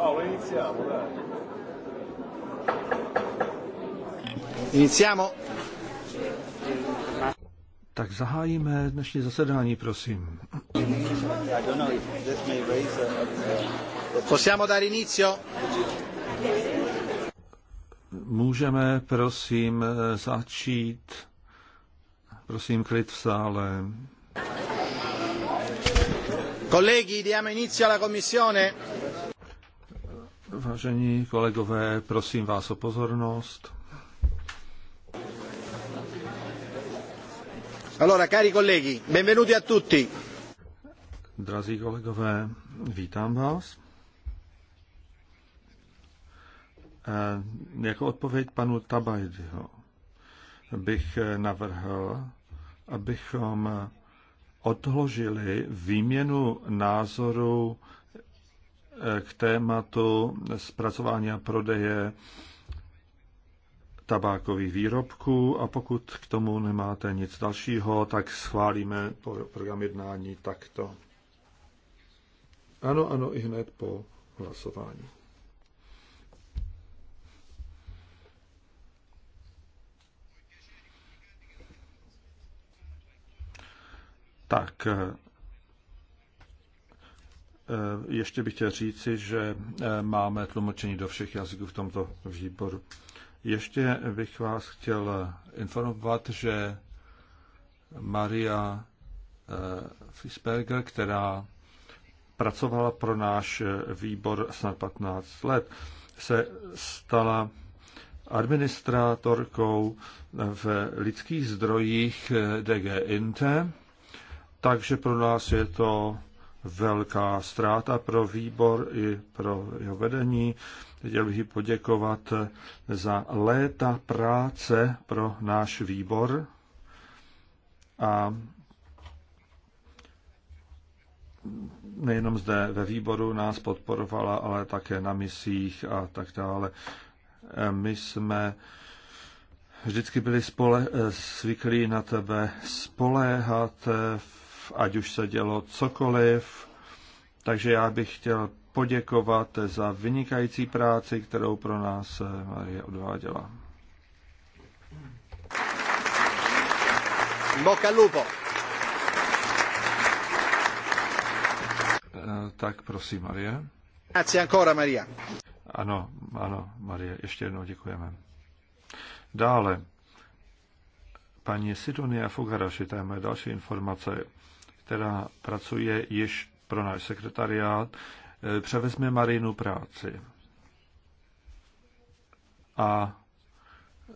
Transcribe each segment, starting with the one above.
Paolo, iniziamo, dai. Iniziamo. Tak zahájíme dnešní zasedání, prosím. Possiamo dare inizio? Můžeme, prosím, začít. Prosím, klid v sále. Colleghi, diamo inizio alla commissione. Vážení kolegové, prosím vás o pozornost. Allora, cari colleghi, benvenuti a tutti. Drazí kolegové, vítám vás. E, jako odpověď panu Tabajdyho bych navrhl, abychom odložili výměnu názorů k tématu zpracování a prodeje tabákových výrobků a pokud k tomu nemáte nic dalšího, tak schválíme program jednání takto. Ano, ano, i hned po hlasování. Tak, Eh, ještě bych chtěl říci, že eh, máme tlumočení do všech jazyků v tomto výboru. Ještě bych vás chtěl informovat, že Maria eh, Fisberger, která pracovala pro náš výbor snad 15 let, se stala administrátorkou v lidských zdrojích DG Inte, takže pro nás je to velká ztráta pro výbor i pro jeho vedení. Chtěl bych poděkovat za léta práce pro náš výbor a nejenom zde ve výboru nás podporovala, ale také na misích a tak dále. My jsme vždycky byli spole, zvyklí na tebe spoléhat v ať už se dělo cokoliv. Takže já bych chtěl poděkovat za vynikající práci, kterou pro nás Marie odváděla. Boca eh, Tak prosím, Marie. Grazie ancora, Maria. Ano, ano, Marie, ještě jednou děkujeme. Dále, paní Sidonia Fogaraši, tam je další informace která pracuje již pro náš sekretariát, eh, převezme Marinu práci. A eh,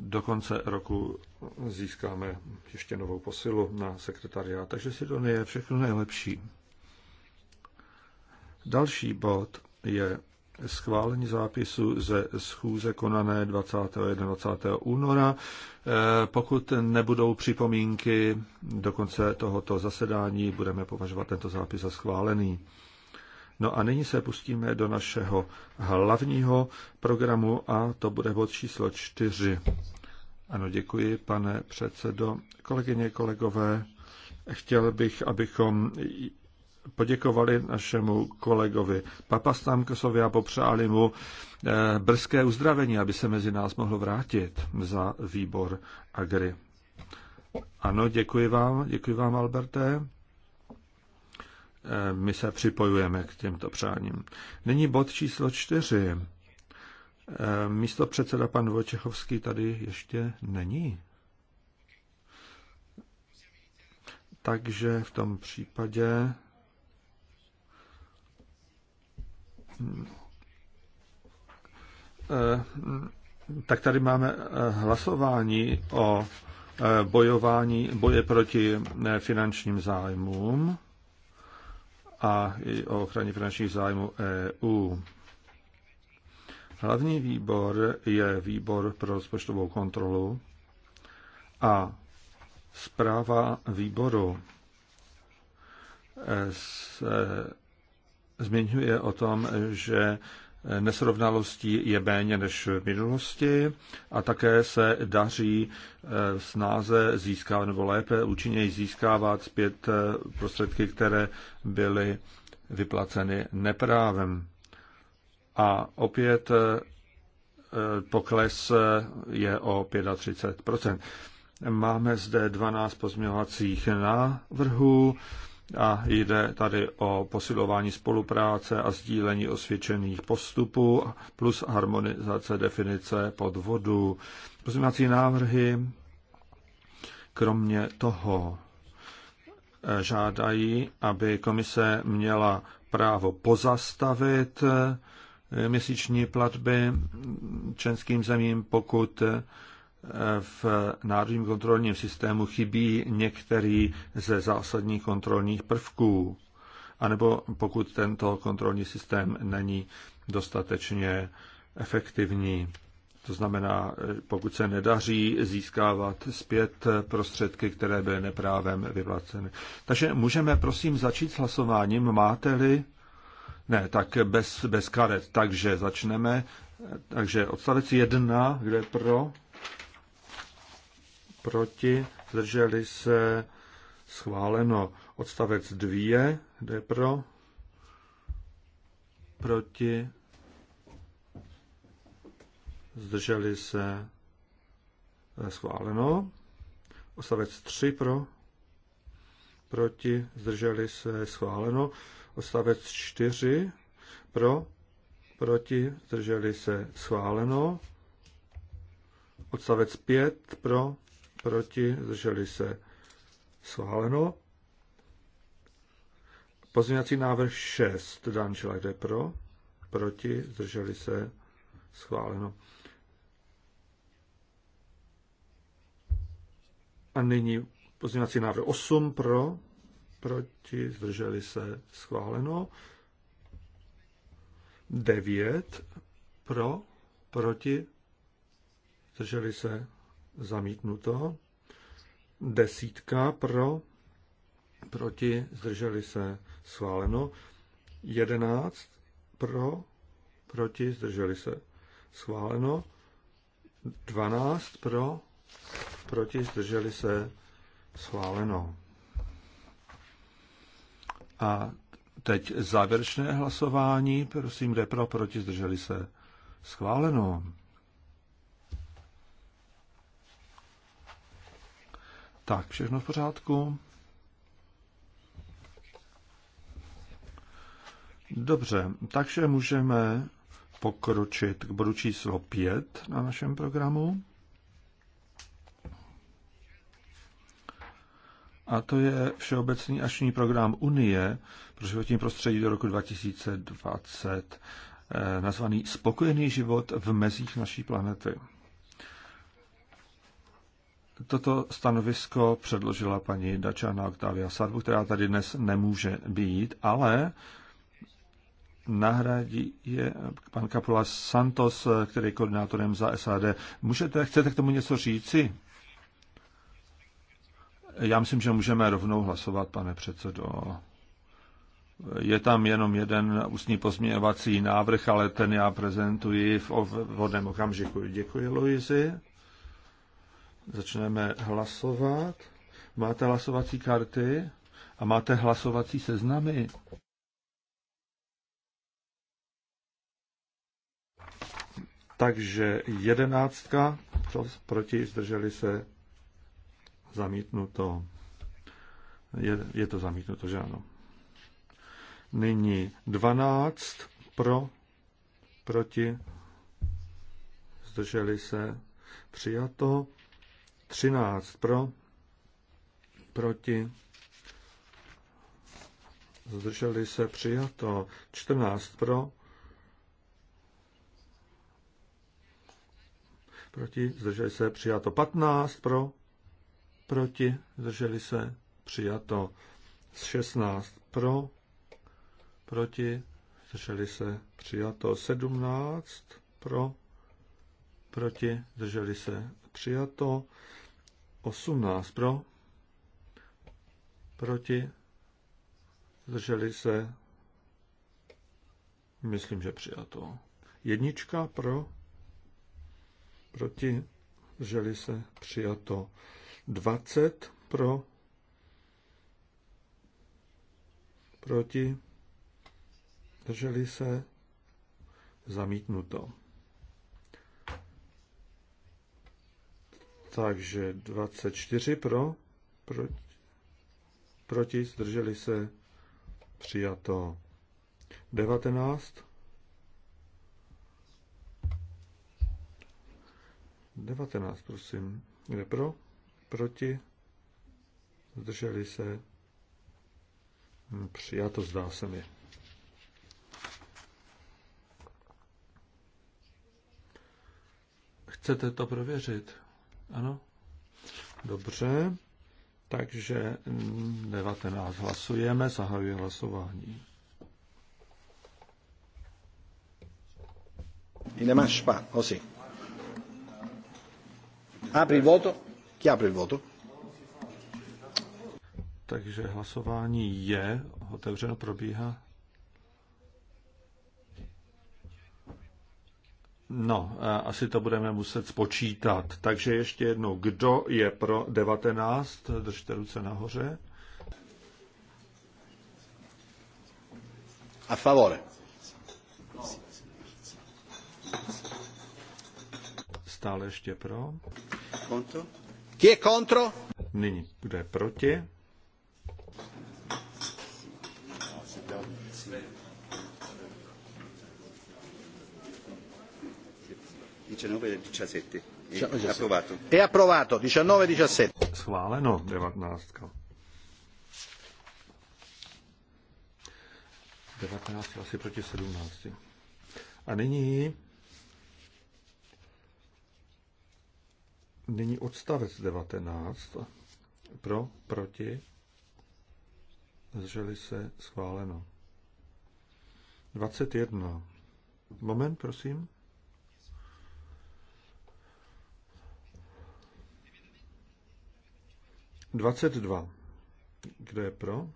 do konce roku získáme ještě novou posilu na sekretariát. Takže si to je všechno nejlepší. Další bod je schválení zápisu ze schůze konané 21. února. E, pokud nebudou připomínky do konce tohoto zasedání, budeme považovat tento zápis za schválený. No a nyní se pustíme do našeho hlavního programu a to bude bod číslo 4. Ano, děkuji, pane předsedo. Kolegyně, kolegové, chtěl bych, abychom poděkovali našemu kolegovi Papastamkosovi a popřáli mu eh, brzké uzdravení, aby se mezi nás mohl vrátit za výbor Agri. Ano, děkuji vám, děkuji vám, Alberte. Eh, my se připojujeme k těmto přáním. Nyní bod číslo čtyři. Eh, místo předseda pan Vojčechovský tady ještě není. Takže v tom případě Eh, tak tady máme eh, hlasování o eh, bojování, boje proti finančním zájmům a i o ochraně finančních zájmů EU. Hlavní výbor je výbor pro rozpočtovou kontrolu a zpráva výboru se zmiňuje o tom, že nesrovnalostí je méně než v minulosti a také se daří eh, snáze získávat nebo lépe účinněji získávat zpět eh, prostředky, které byly vyplaceny neprávem. A opět eh, pokles je o 35 Máme zde 12 pozměňovacích návrhů a jde tady o posilování spolupráce a sdílení osvědčených postupů plus harmonizace definice podvodu. Pozměňovací návrhy kromě toho eh, žádají, aby komise měla právo pozastavit eh, měsíční platby členským zemím, pokud eh, v národním kontrolním systému chybí některý ze zásadních kontrolních prvků, anebo pokud tento kontrolní systém není dostatečně efektivní. To znamená, pokud se nedaří získávat zpět prostředky, které byly neprávem vyplaceny. Takže můžeme prosím začít s hlasováním. Máte-li? Ne, tak bez, bez karet. Takže začneme. Takže odstavec 1, kde pro? proti, zdrželi se, schváleno. Odstavec 2, kde pro, proti, zdrželi se, schváleno. Odstavec 3 pro, proti, zdrželi se, schváleno. Odstavec 4 pro, proti, zdrželi se, schváleno. Odstavec 5 pro, proti, zdrželi se schváleno. Pozměňovací návrh 6, dan člověk jde pro, proti, zdrželi se schváleno. A nyní pozměňovací návrh 8 pro, proti, zdrželi se schváleno. 9 pro, proti, zdrželi se zamítnuto. Desítka pro, proti, zdrželi se, schváleno. Jedenáct pro, proti, zdrželi se, schváleno. Dvanáct pro, proti, zdrželi se, schváleno. A teď závěrečné hlasování. Prosím, jde pro, proti, zdrželi se. Schváleno. Tak, všechno v pořádku? Dobře, takže můžeme pokročit k bodu číslo 5 na našem programu. A to je Všeobecný akční program Unie pro životní prostředí do roku 2020, eh, nazvaný Spokojený život v mezích naší planety. Toto stanovisko předložila paní Dačana Octavia Sadbu, která tady dnes nemůže být, ale nahradí je pan Kapula Santos, který je koordinátorem za SAD. Můžete, chcete k tomu něco říci? Já myslím, že můžeme rovnou hlasovat, pane předsedo. Je tam jenom jeden ústní pozměňovací návrh, ale ten já prezentuji v vodném okamžiku. Děkuji, Luizi. Začneme hlasovat. Máte hlasovací karty a máte hlasovací seznamy. Takže jedenáctka, proti, zdrželi se, zamítnuto. Je, je to zamítnuto, že ano. Nyní dvanáct pro, proti, zdrželi se, přijato. 13 pro, proti, zdrželi se přijato, 14 pro, proti, zdrželi se přijato, 15 pro, proti, zdrželi se přijato, 16 pro, proti, zdrželi se přijato, 17 pro, proti, zdrželi se přijato. 18 pro, proti, zdrželi se, myslím, že přijato. Jednička pro, proti, zdrželi se, přijato. 20 pro, proti, zdrželi se, zamítnuto. Takže 24 pro, proti, proti zdrželi se, přijato. 19. 19, prosím. Kde pro? Proti? Zdrželi se? Hm, přijato, zdá se mi. Chcete to prověřit? Ano? Dobře. Takže 19 hlasujeme, zahajuji hlasování. I nemáš pa, osi. Apri voto. Chi apri voto? Takže hlasování je otevřeno, probíhá. No, asi to budeme muset spočítat. Takže ještě jednou, kdo je pro 19? Držte ruce nahoře. A favore. Stále ještě pro. Contro. Kdo je kontro? Nyní, kdo je proti? 19 e 17. È approvato. È approvato, 19 e 17. Schváleno, 19. 19 asi proti 17. A nyní nyní odstavec 19. Pro, proti, zdrželi se, schváleno. 21. Moment, prosím. 22. Kdo je pro?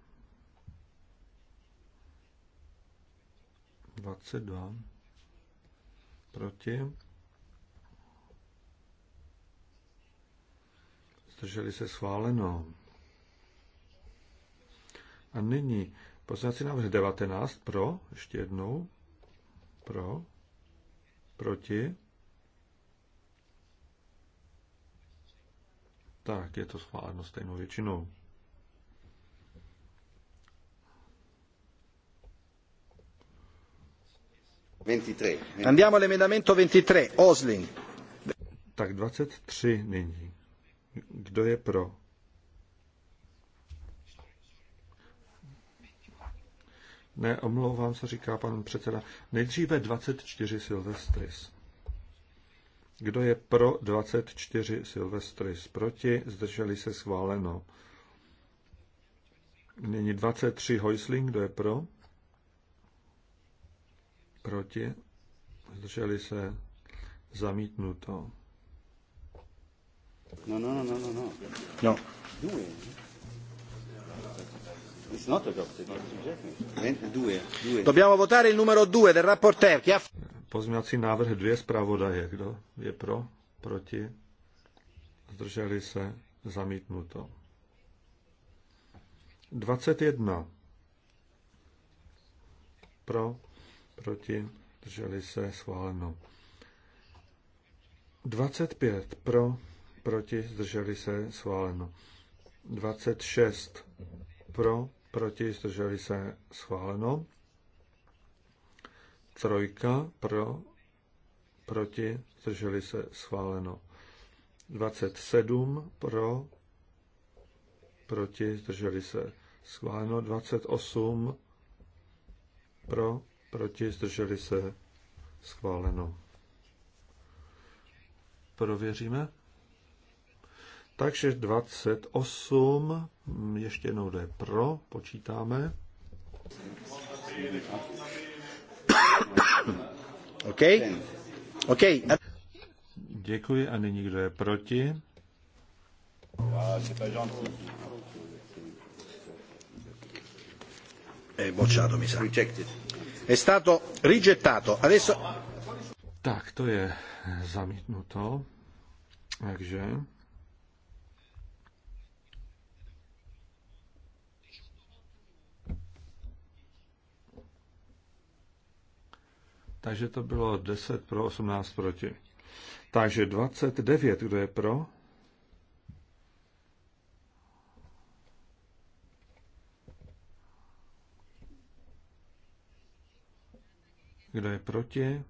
22. Proti? Zdrželi se schváleno. A nyní poslanci návrh 19 pro, ještě jednou, pro, proti, tak je to schváleno stejnou většinou. Andiamo all'emendamento 23, Oslin. Tak 23 nyní. Kdo je pro? Ne, omlouvám se, říká pan předseda. Nejdříve 24 Silvestris. Kdo je pro 24 Silvestris? Proti? Zdrželi se schváleno. Nyní 23 Hoisling, Kdo je pro? Proti? Zdrželi se zamítnuto. No, no, no, no, no. No. no. It's not adopted, it's rejected. Due, due. Dobbiamo votare il numero 2 del rapporteur. Chi ha... Pozměňovací návrh dvě zpravodaje. Kdo je pro? Proti? Zdrželi se? Zamítnuto. 21. Pro? Proti? Zdrželi se? Schváleno. 25. Pro? Proti? Zdrželi se? Schváleno. 26. Pro? Proti? Zdrželi se? Schváleno. Trojka pro, proti, zdrželi se, schváleno. 27 pro, proti, zdrželi se, schváleno. 28 pro, proti, zdrželi se, schváleno. Prověříme. Takže 28, ještě jednou jde pro, počítáme. OK? OK. Děkuji a nyní kdo je proti? È bocciato, mi sa. Rejected. È stato rigettato. Adesso... Tak, to je zamítnuto. Takže... Takže to bylo 10 pro, 18 proti. Takže 29, kdo je pro? Kdo je proti?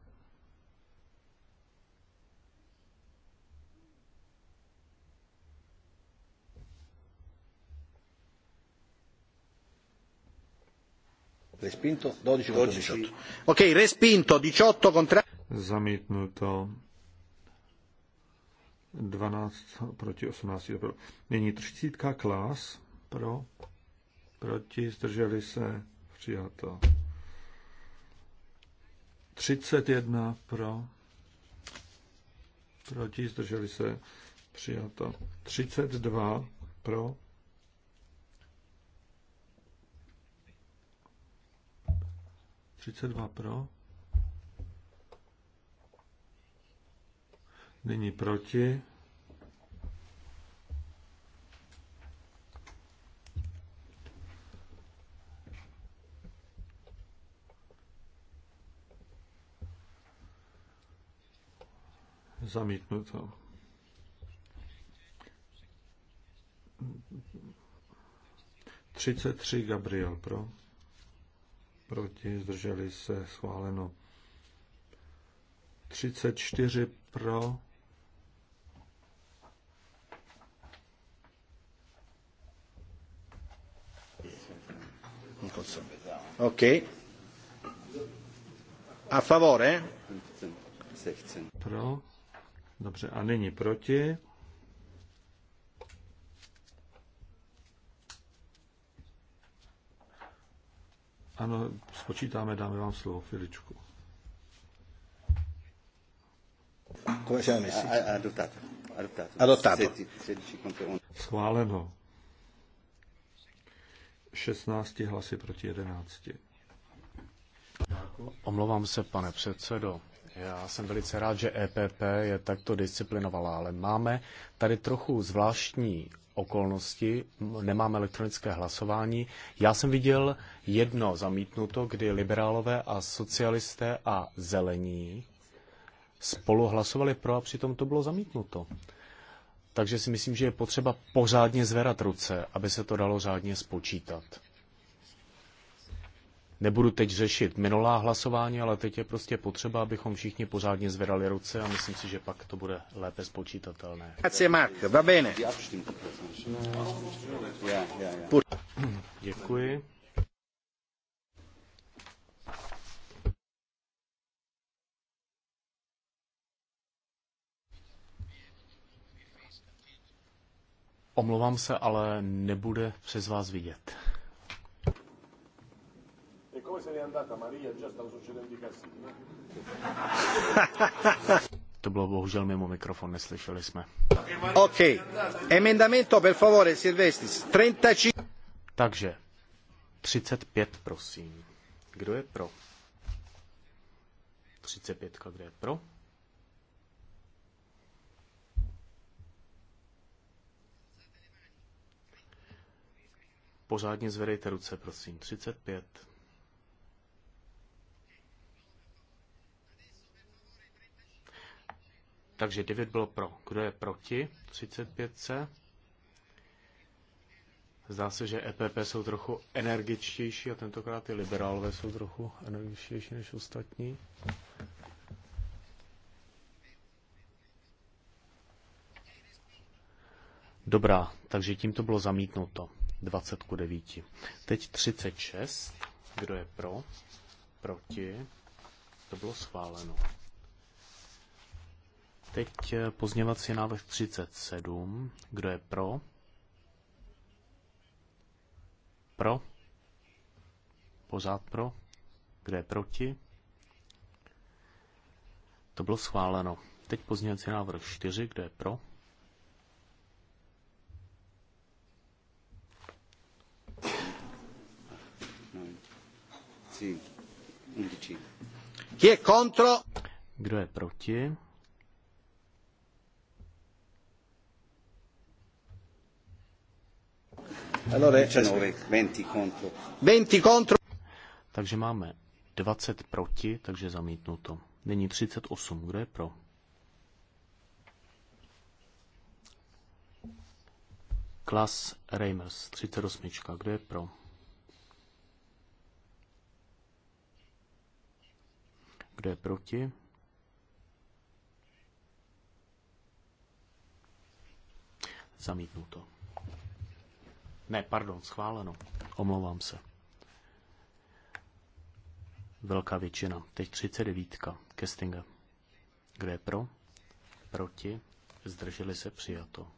Respinto 12 contro 18. Ok, respinto 18 contro... Zamítnuto 12 proti 18. Pro. Nyní 30 klas pro, proti, zdrželi se, přijato. 31 pro, proti, zdrželi se, přijato. 32 pro, 32 pro. Není proti. Zamítnuto. Třicet tři Gabriel pro proti, zdrželi se, schváleno. 34 pro, Ok. A favore? Pro. Dobře, a nyní proti. Ano, spočítáme, dáme vám slovo, chviličku. Schváleno. 16 hlasy proti 11. Omlouvám se, pane předsedo. Já jsem velice rád, že EPP je takto disciplinovala, ale máme tady trochu zvláštní okolnosti, nemáme elektronické hlasování. Já jsem viděl jedno zamítnuto, kdy liberálové a socialisté a zelení spolu hlasovali pro a přitom to bylo zamítnuto. Takže si myslím, že je potřeba pořádně zverat ruce, aby se to dalo řádně spočítat nebudu teď řešit minulá hlasování, ale teď je prostě potřeba, abychom všichni pořádně zvedali ruce a myslím si, že pak to bude lépe spočítatelné. Děkuji. Omlouvám se, ale nebude přes vás vidět. Come se andata Maria? Già stanno succedendo i casini. To bylo bohužel mimo mikrofon, neslyšeli jsme. OK. Emendamento, per favore, Silvestris. 35. Takže, 35, prosím. Kdo je pro? 35, kdo je pro? Pořádně zvedejte ruce, prosím. 35. Takže 9 bylo pro. Kdo je proti 35C? Zdá se, že EPP jsou trochu energičtější a tentokrát i liberálové jsou trochu energičtější než ostatní. Dobrá, takže tím to bylo zamítnuto. 20 ku 9. Teď 36. Kdo je pro? Proti? To bylo schváleno. Teď eh, pozněvací návrh 37. Kdo je pro? Pro? Pořád pro? Kdo je proti? To bylo schváleno. Teď pozněvací návrh 4. Kdo je pro? Kdo je proti? 19, 20 contro. 20 contro. Takže máme 20 proti, takže zamítnuto. Není 38, kdo je pro? Klas Reimers, 38, kdo je pro? Kdo je proti? Zamítnuto. Ne, pardon, schváleno. Omlouvám se. Velká většina. Teď 39. Kestinga. Kdo je pro? Proti? Zdrželi se přijato.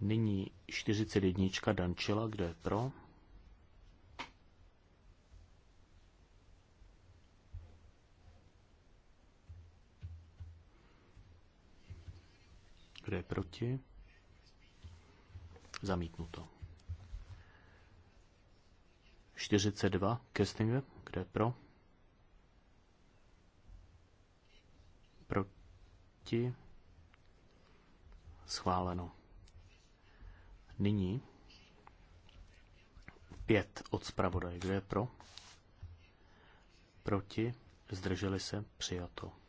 Nyní 41. Dančila. Kdo je pro? Kdo je proti? Zamítnuto. 42 Kestinger, kde pro? Proti? Schváleno. Nyní 5 od zpravodaje, kde je pro? Proti? Zdrželi se? Přijato.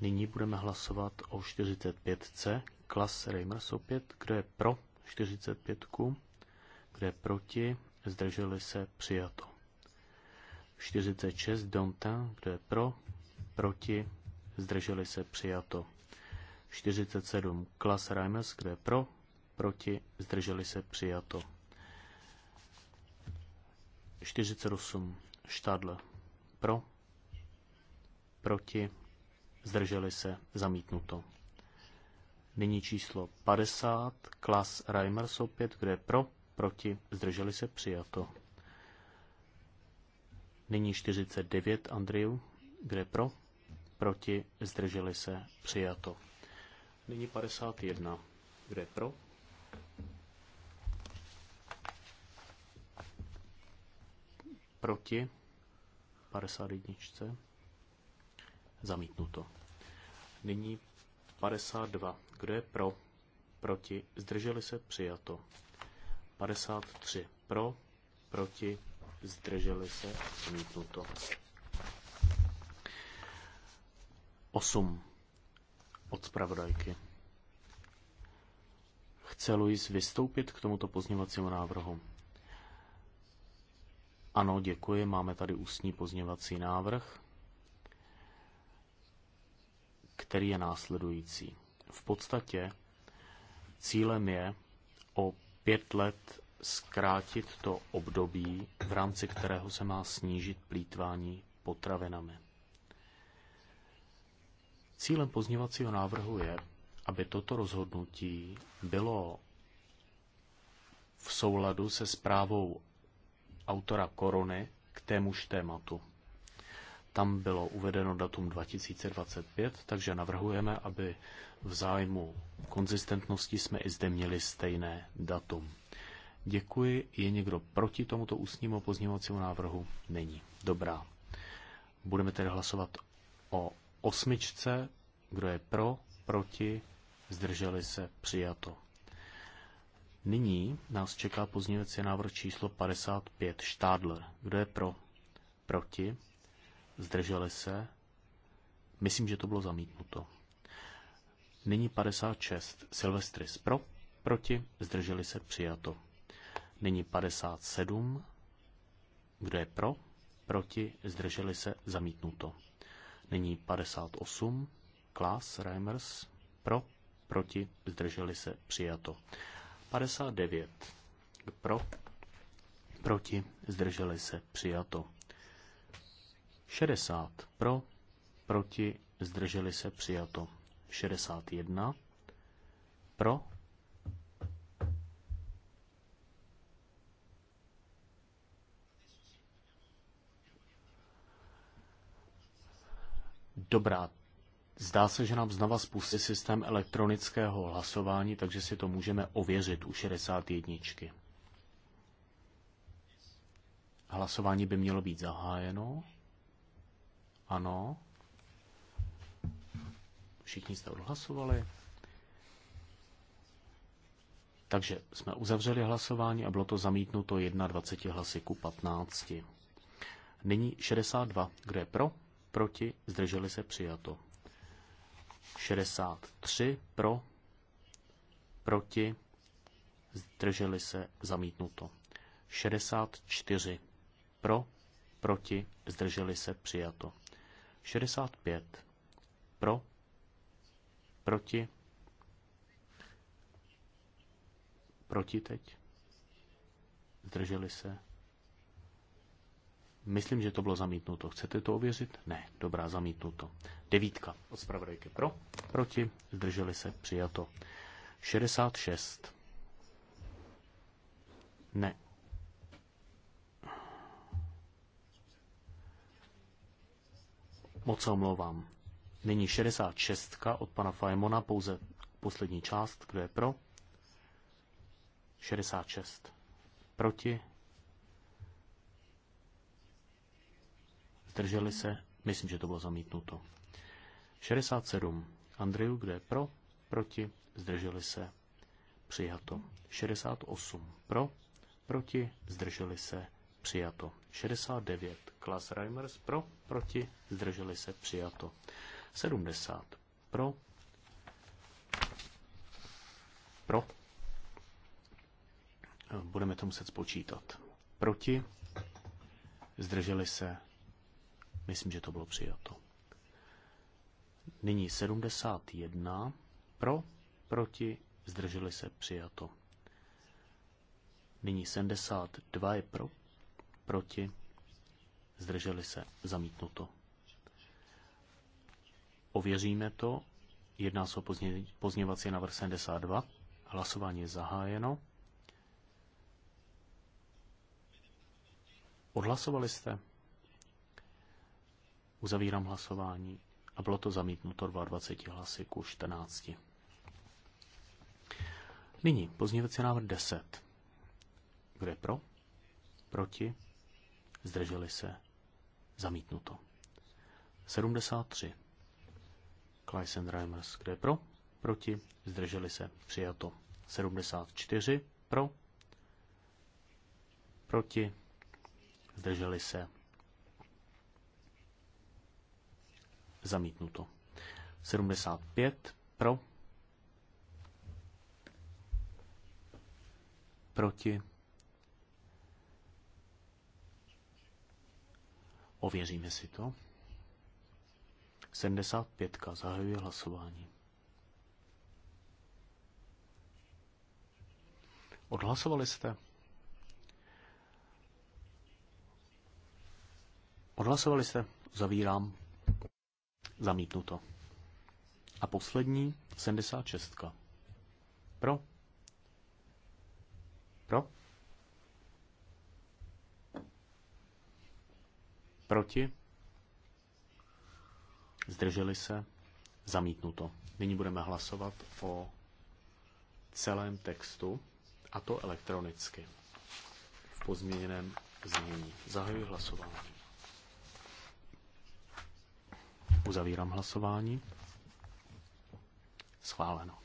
Nyní budeme hlasovat o 45C. Klas Reimers opět. Kdo je pro 45? Kdo je proti? Zdrželi se přijato. 46 Dantin, Kdo je pro? Proti? Zdrželi se přijato. 47 Klas Reimers. Kdo je pro? Proti? Zdrželi se přijato. 48 Stadler, Pro? Proti? zdrželi se, zamítnuto. Nyní číslo 50, klas Reimers opět, kde je pro, proti, zdrželi se, přijato. Nyní 49, Andriu, kde je pro, proti, zdrželi se, přijato. Nyní 51, kde je pro, proti, 51. Zamítnuto. Nyní 52. Kdo je pro? Proti? Zdrželi se? Přijato. 53. Pro? Proti? Zdrželi se? Zamítnuto. 8. Od zpravodajky. Chce Luis vystoupit k tomuto pozněvacímu návrhu? Ano, děkuji. Máme tady ústní pozněvací návrh který je následující. V podstatě cílem je o pět let zkrátit to období, v rámci kterého se má snížit plítvání potravinami. Cílem pozněvacího návrhu je, aby toto rozhodnutí bylo v souladu se zprávou autora Korony k témuž tématu. Tam bylo uvedeno datum 2025, takže navrhujeme, aby v zájmu konzistentnosti jsme i zde měli stejné datum. Děkuji. Je někdo proti tomuto ústnímu pozměňovacímu návrhu? Není. Dobrá. Budeme tedy hlasovat o osmičce. Kdo je pro, proti, zdrželi se, přijato. Nyní nás čeká pozměňovací návrh číslo 55 Štádler. Kdo je pro? Proti? zdrželi se, myslím, že to bylo zamítnuto. Nyní 56, Silvestris pro, proti, zdrželi se, přijato. Nyní 57, kdo je pro, proti, zdrželi se, zamítnuto. Nyní 58, Klaas, Reimers, pro, proti, zdrželi se, přijato. 59, pro, proti, zdrželi se, přijato. 60 pro, proti, zdrželi se přijato. 61 pro, Dobrá, zdá se, že nám znova spustí systém elektronického hlasování, takže si to můžeme ověřit u 61. Hlasování by mělo být zahájeno. Ano. Všichni jste odhlasovali. Takže jsme uzavřeli hlasování a bylo to zamítnuto 21 hlasy ku 15. Nyní 62. Kdo je pro? Proti? Zdrželi se přijato. 63 pro, proti, zdrželi se zamítnuto. 64 pro, proti, zdrželi se přijato. 65. Pro. Proti. Proti teď. Zdrželi se. Myslím, že to bylo zamítnuto. Chcete to ověřit? Ne. Dobrá, zamítnuto. Devítka od zpravodajky pro, proti, zdrželi se, přijato. 66. Ne, Moc se omlouvám. Nyní 66 od pana Fajmona, pouze poslední část, kdo je pro. 66. Proti. Zdrželi se. Myslím, že to bylo zamítnuto. 67. Andreju, kdo je pro? Proti. Zdrželi se. Přijato. 68. Pro. Proti. Zdrželi se. Přijato. 69. Klas Reimers pro, proti, zdrželi se, přijato. 70. Pro, pro, budeme to muset spočítat. Proti, zdrželi se, myslím, že to bylo přijato. Nyní 71. Pro, proti, zdrželi se, přijato. Nyní 72 je pro, proti, zdrželi se, zamítnuto. Ověříme to, jedná se o pozně, pozněvací návrh 72, hlasování je zahájeno. Odhlasovali jste? Uzavírám hlasování a bylo to zamítnuto 22 hlasy ku 14. Nyní pozněvací návrh 10. Kdo je pro? Proti? zdrželi se, zamítnuto. 73. Kleisenreimers, kde je pro, proti, zdrželi se, přijato. 74 pro, proti, zdrželi se, zamítnuto. 75 pro, proti, Ověříme si to. 75. Zahajuje hlasování. Odhlasovali jste? Odhlasovali jste? Zavírám. Zamítnuto. A poslední, 76. Pro? Pro? Proti? Zdrželi se? Zamítnuto. Nyní budeme hlasovat o celém textu, a to elektronicky. V pozměněném znění. Zahajuji hlasování. Uzavírám hlasování. Schváleno.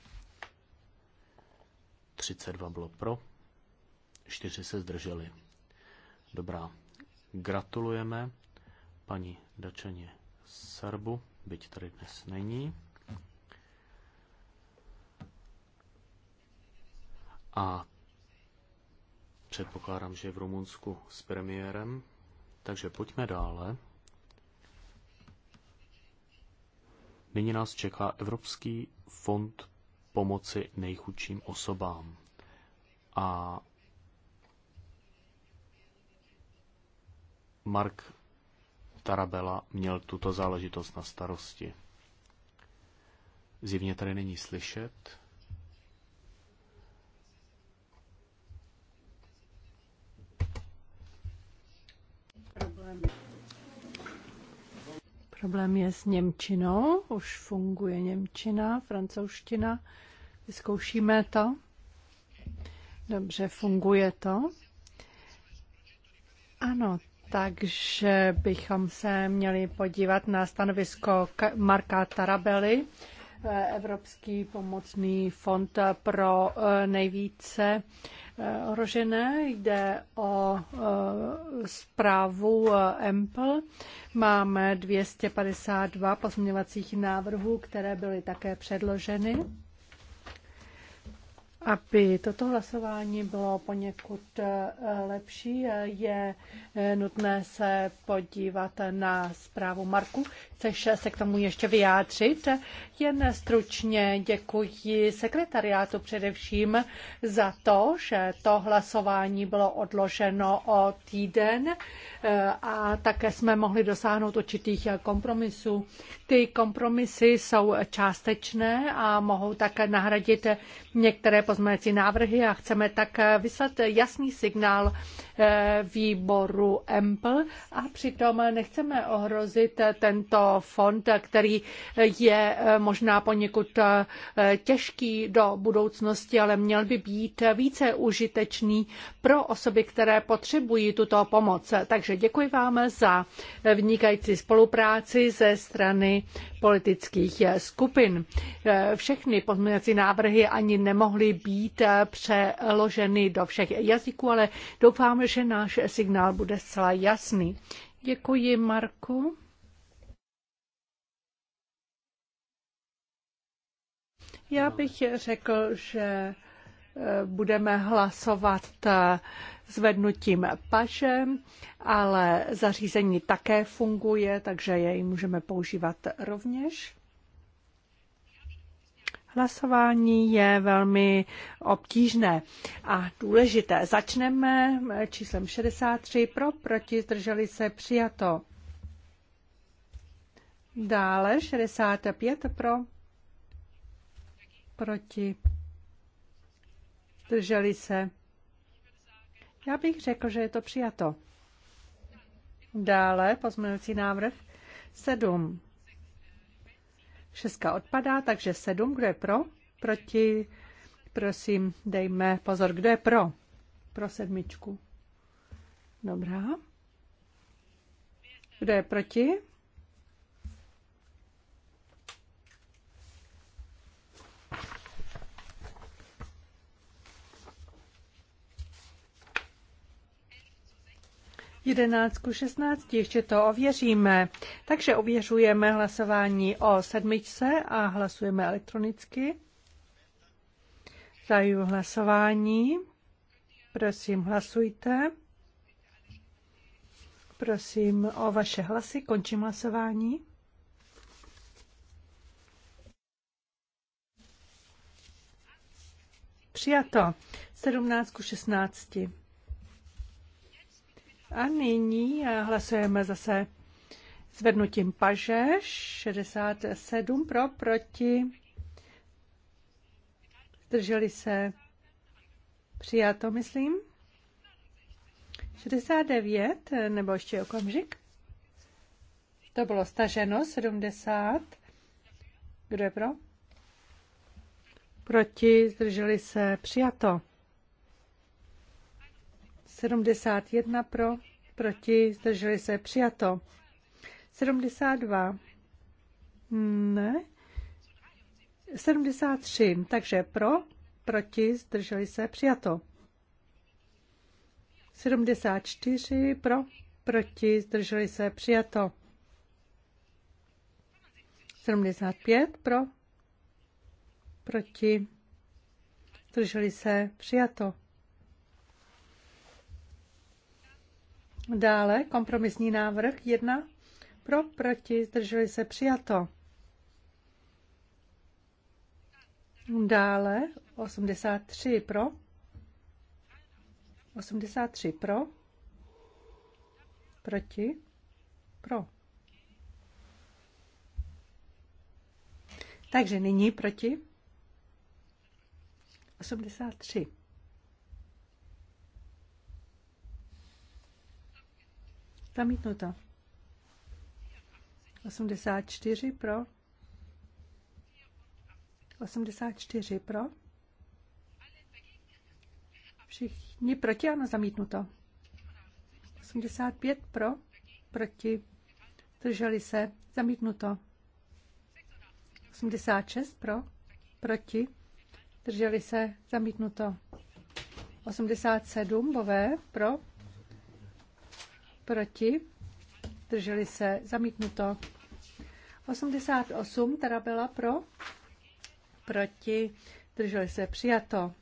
32 bylo pro, 4 se zdrželi. Dobrá. Gratulujeme paní Dačeně Sarbu, byť tady dnes není. A předpokládám, že je v Rumunsku s premiérem. Takže pojďme dále. Nyní nás čeká Evropský fond pomoci nejchudším osobám. A Mark Tarabela měl tuto záležitost na starosti. Zjevně tady není slyšet. Problém. Problém je s Němčinou. Už funguje Němčina, francouzština. Vyzkoušíme to. Dobře, funguje to. Ano, takže bychom se měli podívat na stanovisko Marka Tarabely, eh, Evropský pomocný fond pro eh, nejvíce eh, ohrožené. Jde o zprávu EMPL. Máme 252 pozměňovacích návrhů, které byly také předloženy. Aby toto hlasování bylo poněkud eh, lepší, eh, je eh, nutné se podívat na zprávu Marku. Chceš se k tomu ještě vyjádřit? Jen stručně děkuji sekretariátu především za to, že to hlasování bylo odloženo o týden a také jsme mohli dosáhnout určitých kompromisů. Ty kompromisy jsou částečné a mohou také nahradit některé pozměňovací návrhy a chceme tak vyslat jasný signál eh, výboru EMPL a přitom nechceme ohrozit tento fond, který je eh, možná poněkud eh, těžký do budoucnosti, ale měl by být více užitečný pro osoby, které potřebují tuto pomoc. Takže děkuji vám za vynikající spolupráci ze strany politických skupin. Všechny pozměňovací návrhy ani nemohly být eh, přeloženy do všech jazyků, ale doufám, že náš signál bude zcela jasný. Děkuji, Marku. Já bych řekl, že eh, budeme hlasovat eh, zvednutím paže, ale zařízení také funguje, takže jej můžeme používat rovněž. Hlasování je velmi obtížné a důležité. Začneme číslem 63. Pro, proti, zdrželi se, přijato. Dále 65 pro, proti, zdrželi se. Já bych řekl, že je to přijato. Dále pozměňující návrh 7 Šestka odpadá, takže sedm. Kdo je pro? Proti? Prosím, dejme pozor. Kdo je pro? Pro sedmičku. Dobrá. Kdo je proti? 11 ku 16, ještě to ověříme. Takže ověřujeme hlasování o sedmičce a hlasujeme elektronicky. Zajím hlasování. Prosím, hlasujte. Prosím o vaše hlasy. Končím hlasování. Přijato. 17 ku 16. A nyní eh, hlasujeme zase zvednutím paže 67 pro, proti. Zdrželi se. Přijato, myslím. 69, eh, nebo ještě okamžik. To bylo staženo, 70. Kdo je pro? Proti, zdrželi se, přijato. 71 pro, proti, zdrželi se, přijato. 72. Ne. 73. Takže pro, proti, zdrželi se, přijato. 74 pro, proti, zdrželi se, přijato. 75 pro, proti, zdrželi se, přijato. Dále kompromisní návrh 1 pro, proti, zdrželi se přijato. Dále 83 pro. 83 pro. Proti. Pro. Takže nyní proti. 83. Zamítnuto. 84 pro. 84 pro. Všichni proti, ano, zamítnuto. 85 pro, proti, drželi se, zamítnuto. 86 pro, proti, drželi se, zamítnuto. 87 bové pro, Proti? Drželi se? Zamítnuto. 88, teda byla pro? Proti? Drželi se? Přijato.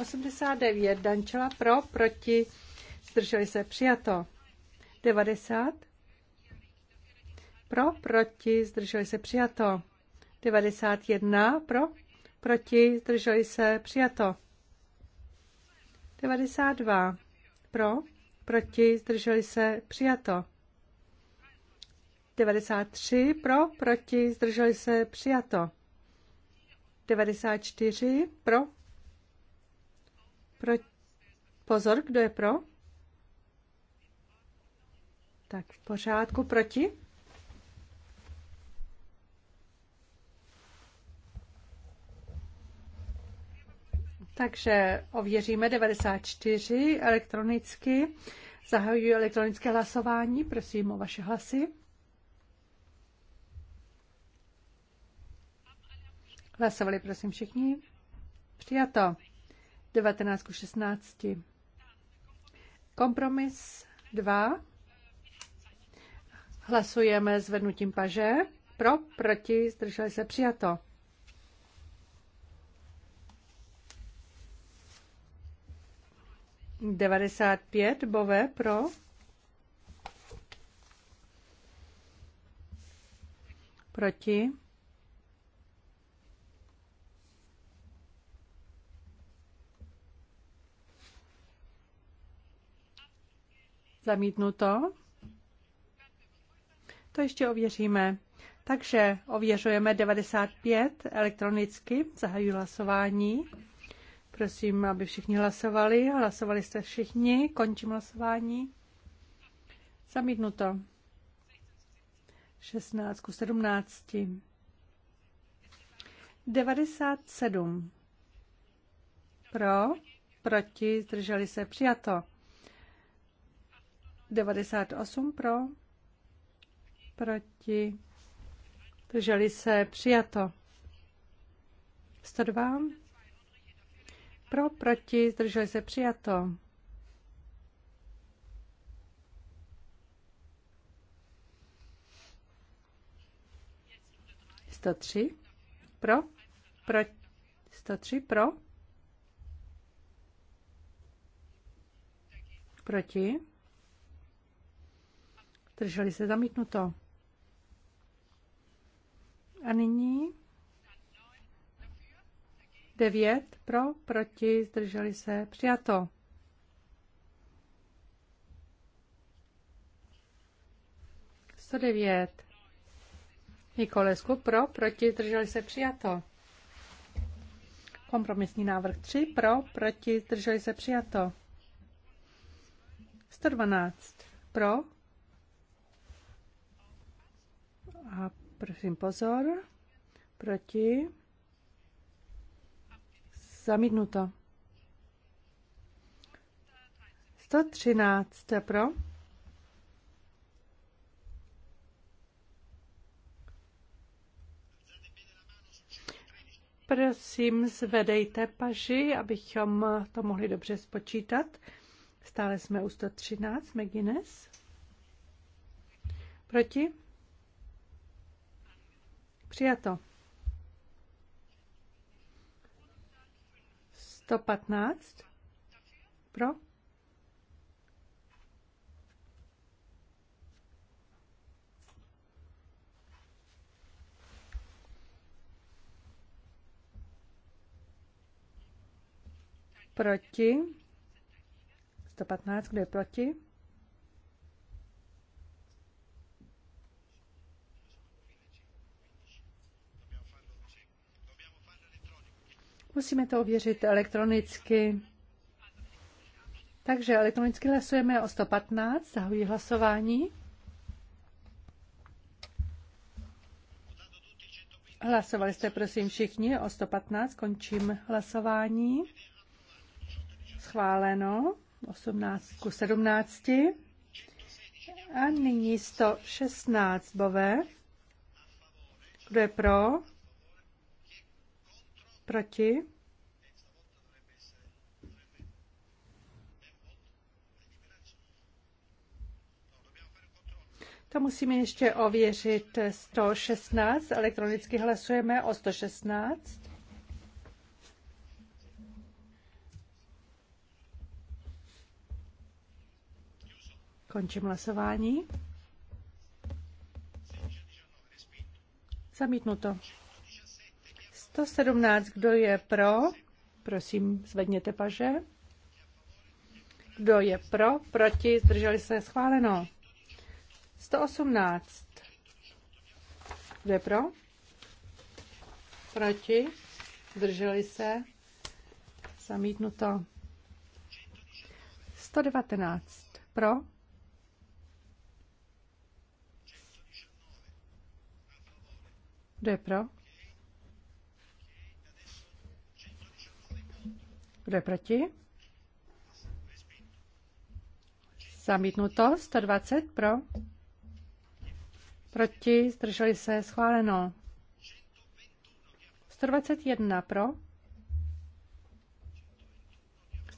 89, Dančela pro? Proti? Zdrželi se? Přijato. 90, pro? Proti? Zdrželi se? Přijato. 91, pro? Proti? Zdrželi se? Přijato. 92, pro? proti, zdrželi se, přijato. 93 pro, proti, zdrželi se, přijato. 94 pro, pro pozor, kdo je pro? Tak v pořádku, proti? Takže ověříme 94 elektronicky. Zahajuji elektronické hlasování. Prosím o vaše hlasy. Hlasovali prosím všichni. Přijato. 19 ku 16. Kompromis 2. Hlasujeme zvednutím paže. Pro, proti, zdrželi se přijato. 95 bové pro. Proti. Zamítnuto. To ještě ověříme. Takže ověřujeme 95 elektronicky. Zahajuji hlasování. Prosím, aby všichni hlasovali. Hlasovali jste všichni. Končím hlasování. Zamítnuto. 16 ku 17. 97. Pro, proti, zdrželi se, přijato. 98 pro, proti, zdrželi se, přijato. 102 pro, proti, zdrželi se přijato. Sto tři. Pro, pro, sto tři pro. Proti. Zdrželi se zamítnuto. A nyní 9 pro, proti, zdrželi se, přijato. Sto devět. Nikolesku pro, proti, zdrželi se, přijato. Kompromisní návrh 3 pro, proti, zdrželi se, přijato. 112 pro. A prosím pozor, proti. Zamítnuto. 113 pro. Prosím, zvedejte paži, abychom to mohli dobře spočítat. Stále jsme u 113, McGuinness. Proti? Přijato. 115 pro. Proti. 115, kdo je proti? Musíme to ověřit elektronicky. Takže elektronicky hlasujeme o 115, zahojí hlasování. Hlasovali jste prosím všichni o 115, končím hlasování. Schváleno 18 ku 17. A nyní 116 bové. Kdo je pro? Proti? To musíme ještě ověřit 116. Elektronicky hlasujeme o 116. Končím hlasování. Zamítnuto. 117, kdo je pro? Prosím, zvedněte paže. Kdo je pro? Proti? Zdrželi se? Schváleno. 118. Kdo je pro? Proti? Zdrželi se? Zamítnuto. 119. Pro? Kdo je pro? Kdo je proti? Zamítnuto. 120 pro. Proti. Zdrželi se. Schváleno. 121 pro.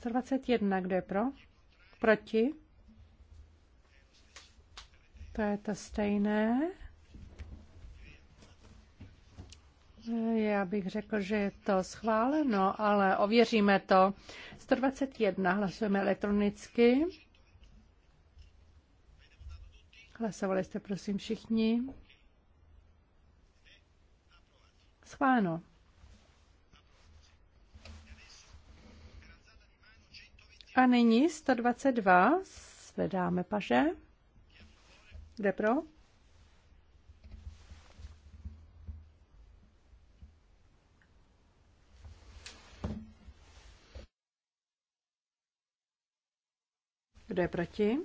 121. Kdo je pro? Proti. To je to stejné. Já bych řekl, že je to schváleno, ale ověříme to. 121 hlasujeme elektronicky. Hlasovali jste, prosím, všichni. Schváleno. A nyní 122. Zvedáme paže. Kde pro? Kdo je proti?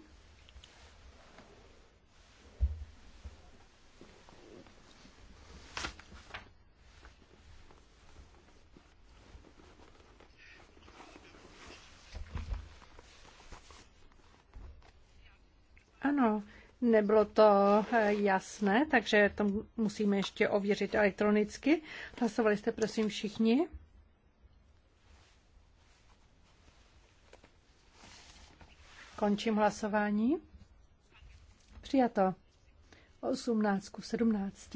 Ano, nebylo to eh, jasné, takže to musíme ještě ověřit elektronicky. Hlasovali jste prosím všichni? Končím hlasování. Přijato. 18 k 17.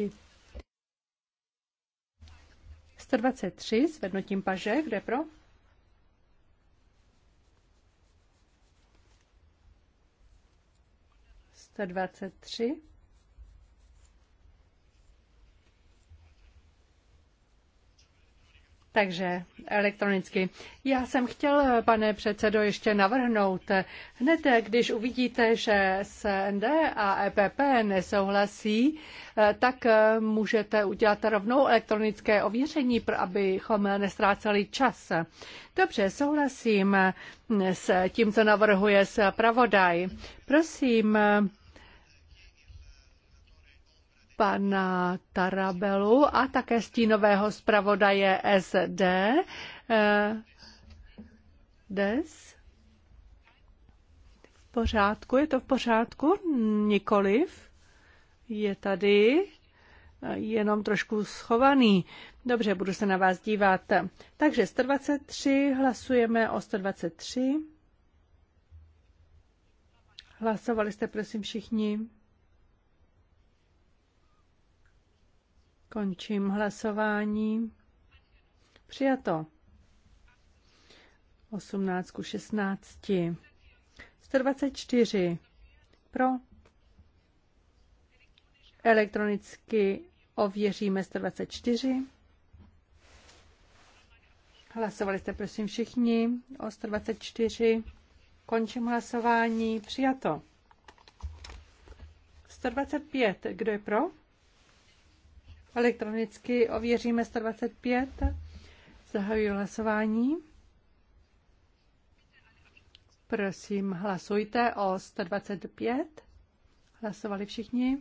123 s vednutím paže, kde pro? Sto dvacet tři. takže elektronicky. Já jsem chtěl, pane předsedo, ještě navrhnout, hned když uvidíte, že SND a EPP nesouhlasí, tak můžete udělat rovnou elektronické ověření, abychom nestráceli čas. Dobře, souhlasím s tím, co navrhuje zpravodaj. Prosím, pana Tarabelu a také stínového zpravodaje SD. Eh, Des? V pořádku, je to v pořádku? Nikoliv. Je tady eh, jenom trošku schovaný. Dobře, budu se na vás dívat. Takže 123, hlasujeme o 123. Hlasovali jste, prosím, všichni. Končím hlasování. Přijato. 18 ku 16. 124. Pro. Elektronicky ověříme 124. Hlasovali jste prosím všichni o 124. Končím hlasování. Přijato. 125. Kdo je pro? Elektronicky ověříme 125. Zahajuji hlasování. Prosím, hlasujte o 125. Hlasovali všichni?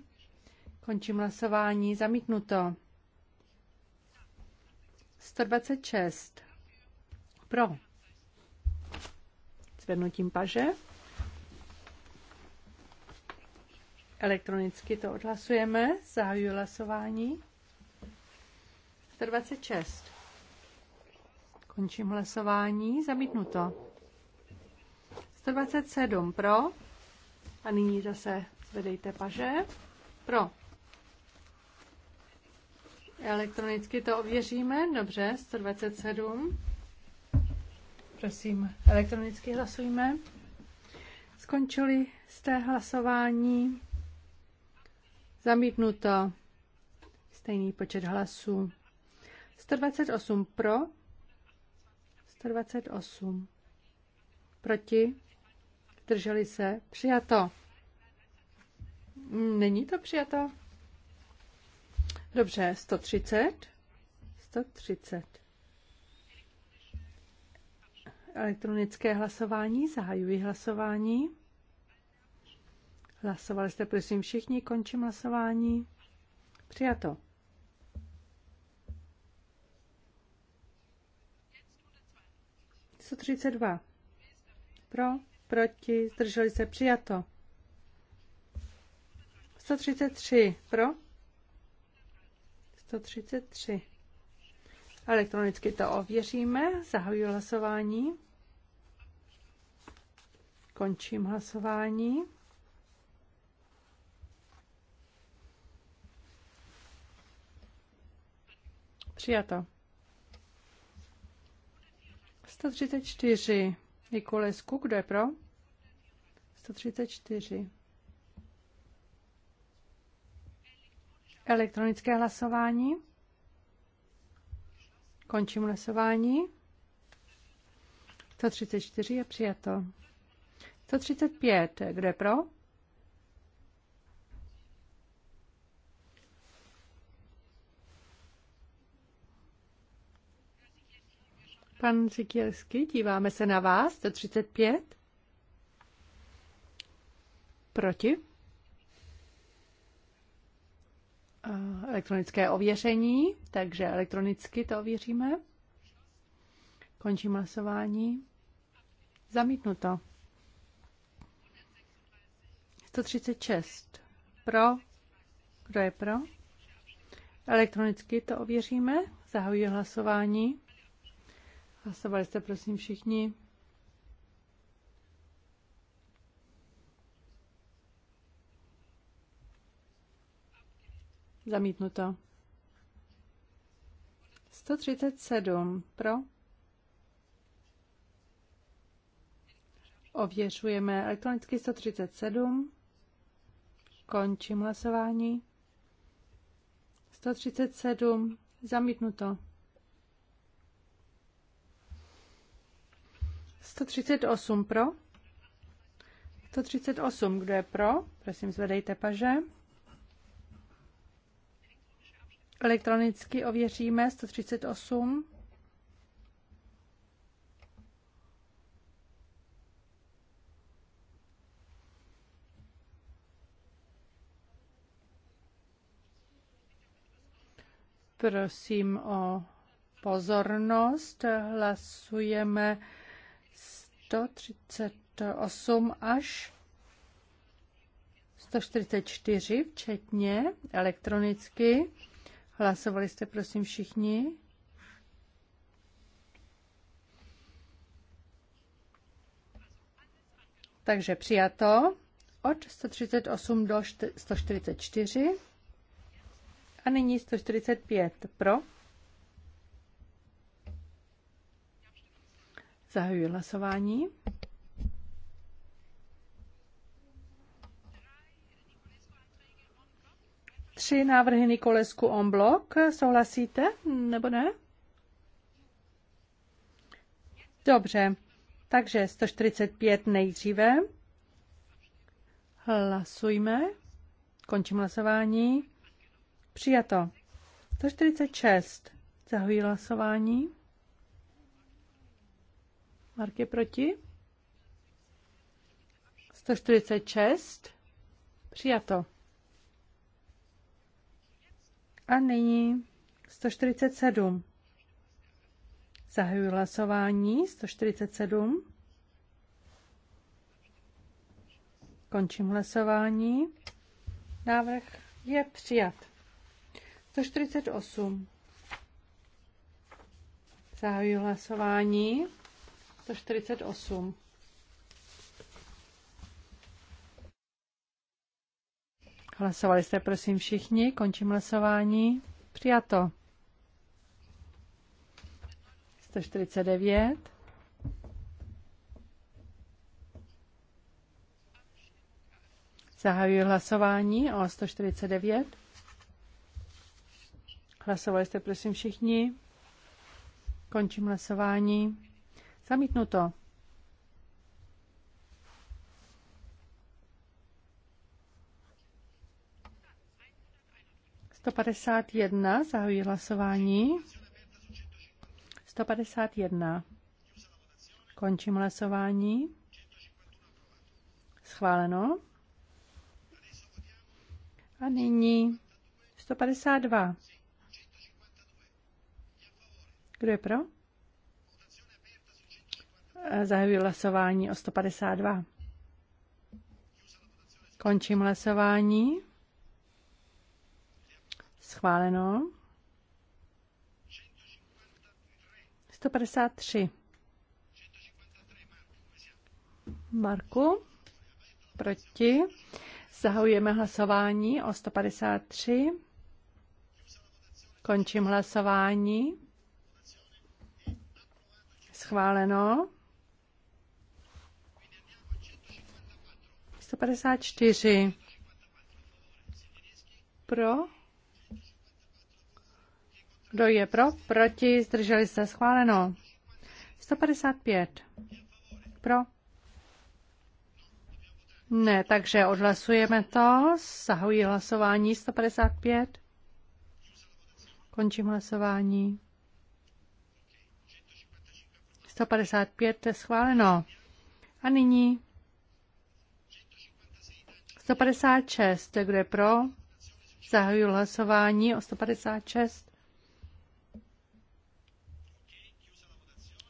Končím hlasování. Zamítnuto. 126. Pro. Zvednutím paže. Elektronicky to odhlasujeme. Zahajuji hlasování. 126. Končím hlasování. Zamítnuto. 127 pro. A nyní zase zvedejte paže. Pro. Elektronicky to ověříme. Dobře, 127. Prosím, elektronicky hlasujme. Skončili jste hlasování. Zamítnuto. Stejný počet hlasů. 128 pro, 128 proti, drželi se, přijato. Není to přijato? Dobře, 130, 130. Elektronické hlasování, zahajuji hlasování. Hlasovali jste prosím všichni, končím hlasování. Přijato. 132. Pro, proti, zdrželi se, přijato. 133. Pro? 133. Elektronicky to ověříme. Zahajuji hlasování. Končím hlasování. Přijato. 134. Nikolesku, kdo je pro? 134. Elektronické hlasování. Končím hlasování. 134 je přijato. 135. Kdo je pro? Pan Sikierský, díváme se na vás, 135. Proti. Elektronické ověření, takže elektronicky to ověříme. Končím hlasování. Zamítnuto. 136. Pro. Kdo je pro? Elektronicky to ověříme. Zahajuji hlasování. Hlasovali jste prosím všichni. Zamítnuto. 137 pro. Ověřujeme elektronicky 137. Končím hlasování. 137. Zamítnuto. 138 pro. 138, kdo je pro? Prosím, zvedejte paže. Elektronicky ověříme 138. Prosím o pozornost. Hlasujeme 138 až 144 včetně elektronicky. Hlasovali jste prosím všichni? Takže přijato od 138 do 144 a nyní 145 pro. Zahajuji hlasování. Tři návrhy Nikolesku on blok. Souhlasíte nebo ne? Dobře, takže 145 nejdříve. Hlasujme. Končím hlasování. Přijato. 146. Zahuji hlasování. Marky proti? 146. Přijato. A nyní 147. Zahajuji hlasování 147. Končím hlasování. Návrh je přijat. 148. Zahajuji hlasování. 148. Hlasovali jste prosím všichni, končím hlasování. Přijato. 149. Zahajuji hlasování o 149. Hlasovali jste prosím všichni. Končím hlasování. Zamítnuto. Sto padesát jedna, zahojí hlasování. Sto padesát jedna. Končím hlasování. Schváleno. A nyní 152. Kdo je pro? Zahajuji hlasování o 152. Končím hlasování. Schváleno. 153. Marku, proti. Zahajujeme hlasování o 153. Končím hlasování. Schváleno. 154 pro. Kdo je pro? Proti? Zdrželi se? Schváleno. 155 pro. Ne, takže odhlasujeme to. Zahajuji hlasování 155. Končím hlasování. 155 schváleno. A nyní 156. Kdo je pro? Zahajuji hlasování o 156.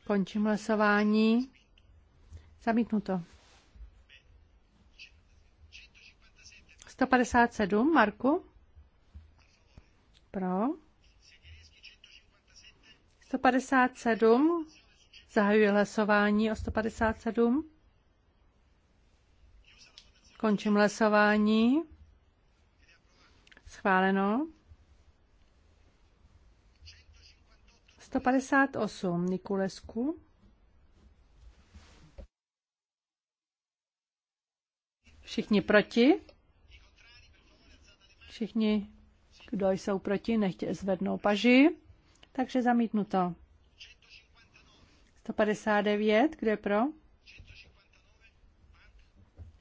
Končím hlasování. Zamítnuto. 157, Marku. Pro. 157. Zahajuji hlasování o 157. Končím hlasování. Schváleno. 158 Nikulesku. Všichni proti? Všichni, kdo jsou proti, nechtě zvednou paži. Takže zamítnuto. 159, kdo je pro?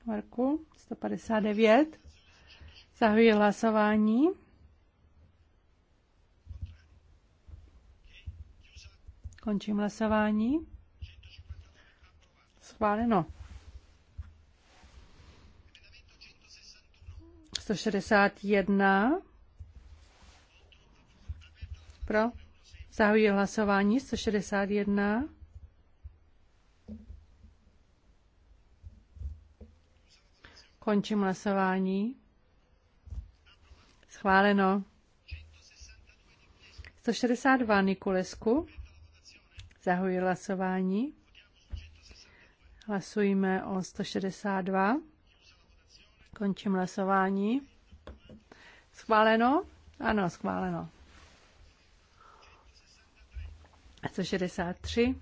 Marku, 159. Zahajuji hlasování. Končím hlasování. Schváleno. 161. Pro. Zahajuji hlasování. 161. Končím hlasování. Schváleno. 162 Nikulesku. Zahuji hlasování. Hlasujeme o 162. Končím hlasování. Schváleno? Ano, schváleno. 163.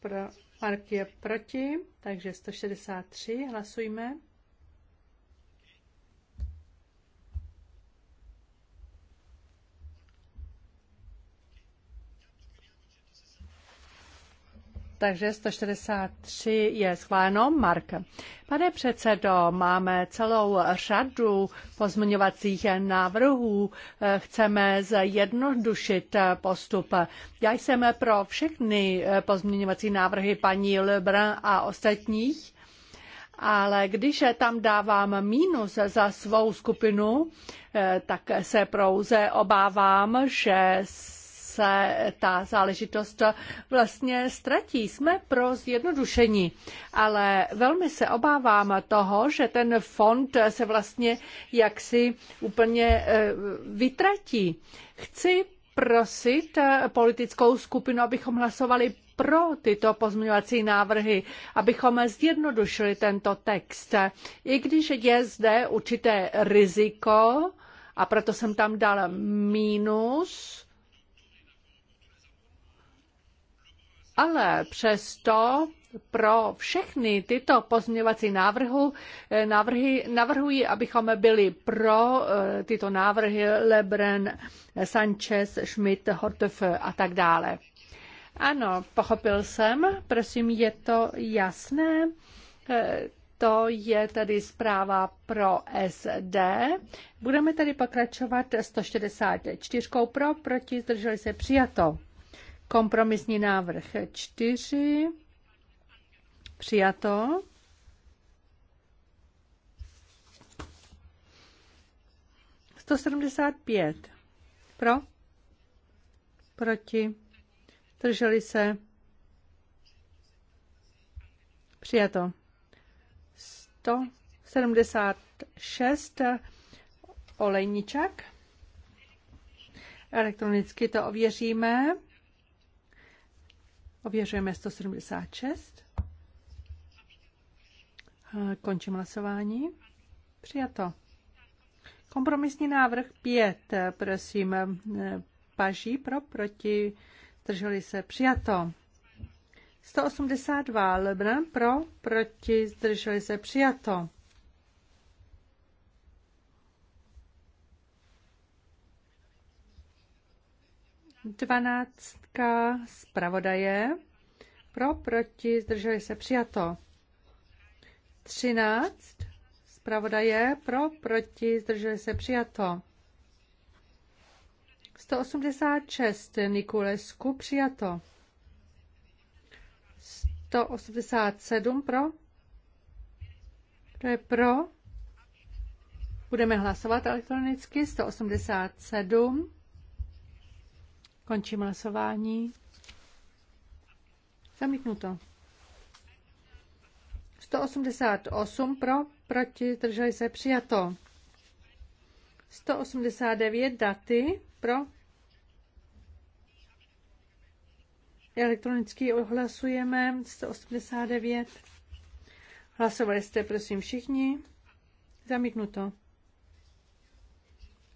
Pro Mark je proti, takže 163 hlasujme. takže 163 je schváleno. Mark. Pane předsedo, máme celou řadu pozměňovacích návrhů. Chceme zjednodušit postup. Já jsem pro všechny pozměňovací návrhy paní Lebrun a ostatních, ale když tam dávám mínus za svou skupinu, eh, tak se prouze obávám, že se ta záležitost vlastně ztratí. Jsme pro zjednodušení, ale velmi se obávám toho, že ten fond se vlastně jaksi úplně eh, vytratí. Chci prosit eh, politickou skupinu, abychom hlasovali pro tyto pozměňovací návrhy, abychom zjednodušili tento text. I když je zde určité riziko, a proto jsem tam dal mínus, ale přesto pro všechny tyto pozměňovací návrhu, eh, návrhy navrhuji, abychom byli pro eh, tyto návrhy Lebren, Sanchez, Schmidt, Hortef a tak dále. Ano, pochopil jsem, prosím, je to jasné. Eh, to je tedy zpráva pro SD. Budeme tedy pokračovat 164 pro, proti, zdrželi se přijato. Kompromisní návrh 4. Přijato. Sto sedmdesát pět. Pro? Proti? Drželi se? Přijato. Sto sedmdesát šest. Olejničak. Elektronicky to ověříme. Ověřujeme 176. Eh, končím hlasování. Přijato. Kompromisní návrh 5, prosím, eh, paží pro, proti, zdrželi se, přijato. 182, Lebran pro, proti, zdrželi se, přijato. Dvanáctka zpravodaje. Pro, proti, zdrželi se, přijato. Třináct zpravodaje. Pro, proti, zdrželi se, přijato. 186 Nikulesku přijato. 187 pro. To je pro? Budeme hlasovat elektronicky. 187. Končím hlasování. Zamítnuto. 188 pro, proti, drželi se, přijato. 189 daty pro. Elektronicky ohlasujeme 189. Hlasovali jste, prosím, všichni. Zamítnuto.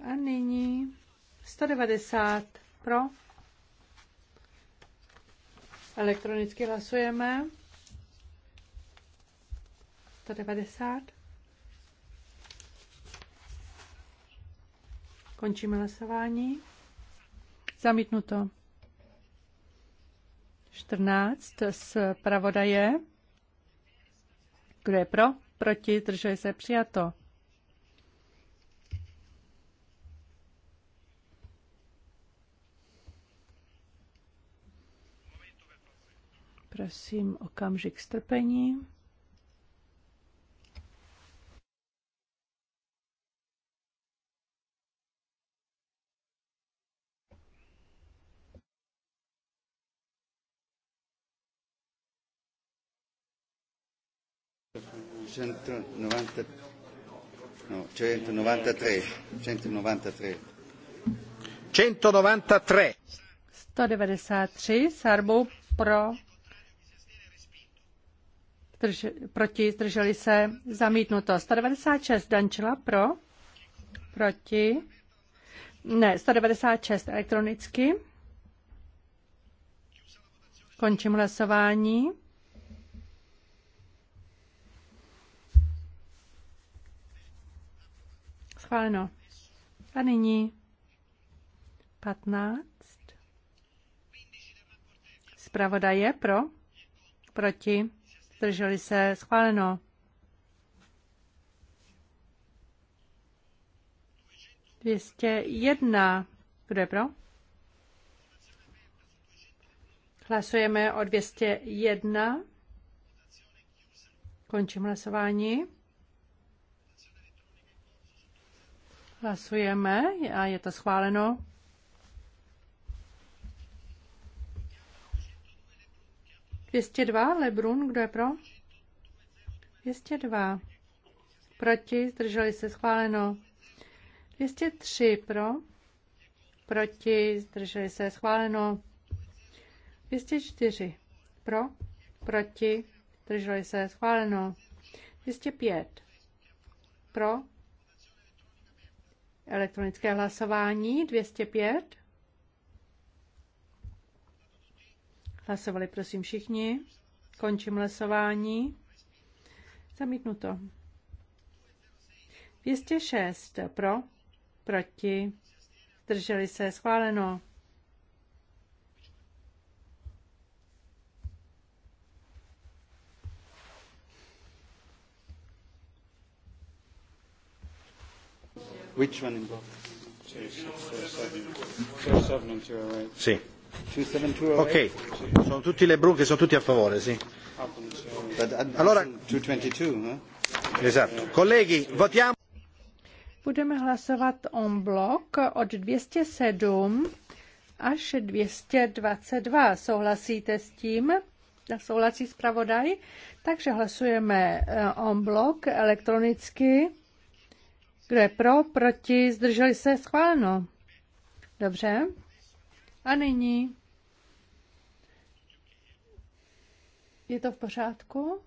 A nyní 190 pro? Elektronicky hlasujeme. 190. Končíme hlasování. Zamítnuto. 14 z pravodaje. Kdo je pro? Proti? Drželi se přijato. Prosím okamžik strpení. No, 193. 193. 193. 193 s arbou pro drž, proti, zdrželi se, zamítnuto. 196 Dančila pro, proti, ne, 196 elektronicky. Končím hlasování. Schváleno. A nyní 15. Zpravodaje pro, proti zdrželi se, schváleno. 201. Kdo je pro? Hlasujeme o 201. Končím hlasování. Hlasujeme a je to schváleno. 202 Lebrun, kdo je pro? 202. Proti, zdrželi se schváleno. 203 pro. Proti, zdrželi se schváleno. 204 pro. Proti, zdrželi se schváleno. 205 pro. Elektronické hlasování 205. Hlasovali prosím všichni. Končím hlasování. Zamítnuto. 206 pro, proti, zdrželi se, schváleno. Which one both? Sí. Ok, sono tutti le brunche, sono tutti a favore, sì. Uh, allora... Esatto. Colleghi, votiamo. Budeme hlasovat on blok od 207 až 222. Souhlasíte s tím? Souhlasí zpravodaj? Takže hlasujeme on eh, blok elektronicky. Kdo je pro, proti, zdrželi se, schváleno. Dobře. A nyní Je to v pořádku?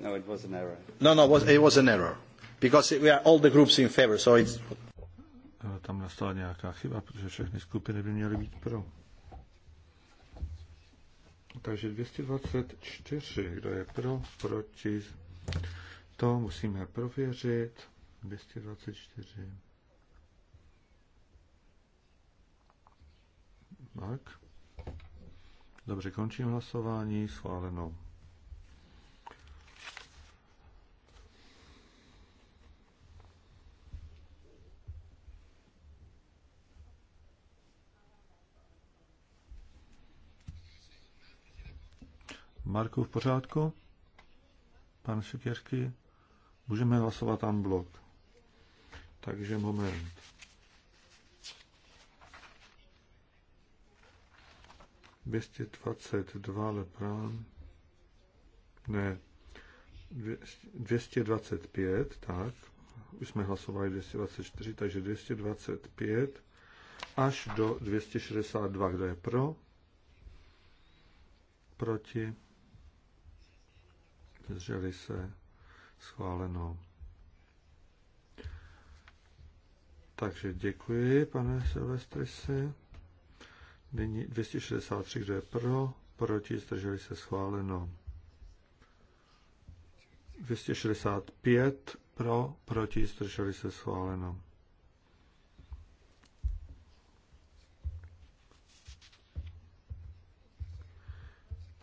No, it was an error. No, no, it was, it was an error. Because we are all the groups in favor, so it's... Tam nastala nějaká chyba, protože všechny skupiny by měly být pro. Takže 224, kdo je pro, proti, to musíme prověřit. 224. Tak. Dobře, končím hlasování. Schváleno. Marku, v pořádku? Pan Šikěřky? Můžeme hlasovat tam blok. Takže moment. 222 Lebrán, ne, 225, tak, už jsme hlasovali 224, takže 225 až do 262, kdo je pro, proti, zřeli se, schváleno. Takže děkuji, pane Silvestrisi. Nyní 263, kdo je pro, proti, zdrželi se schváleno. 265 pro, proti, zdrželi se schváleno.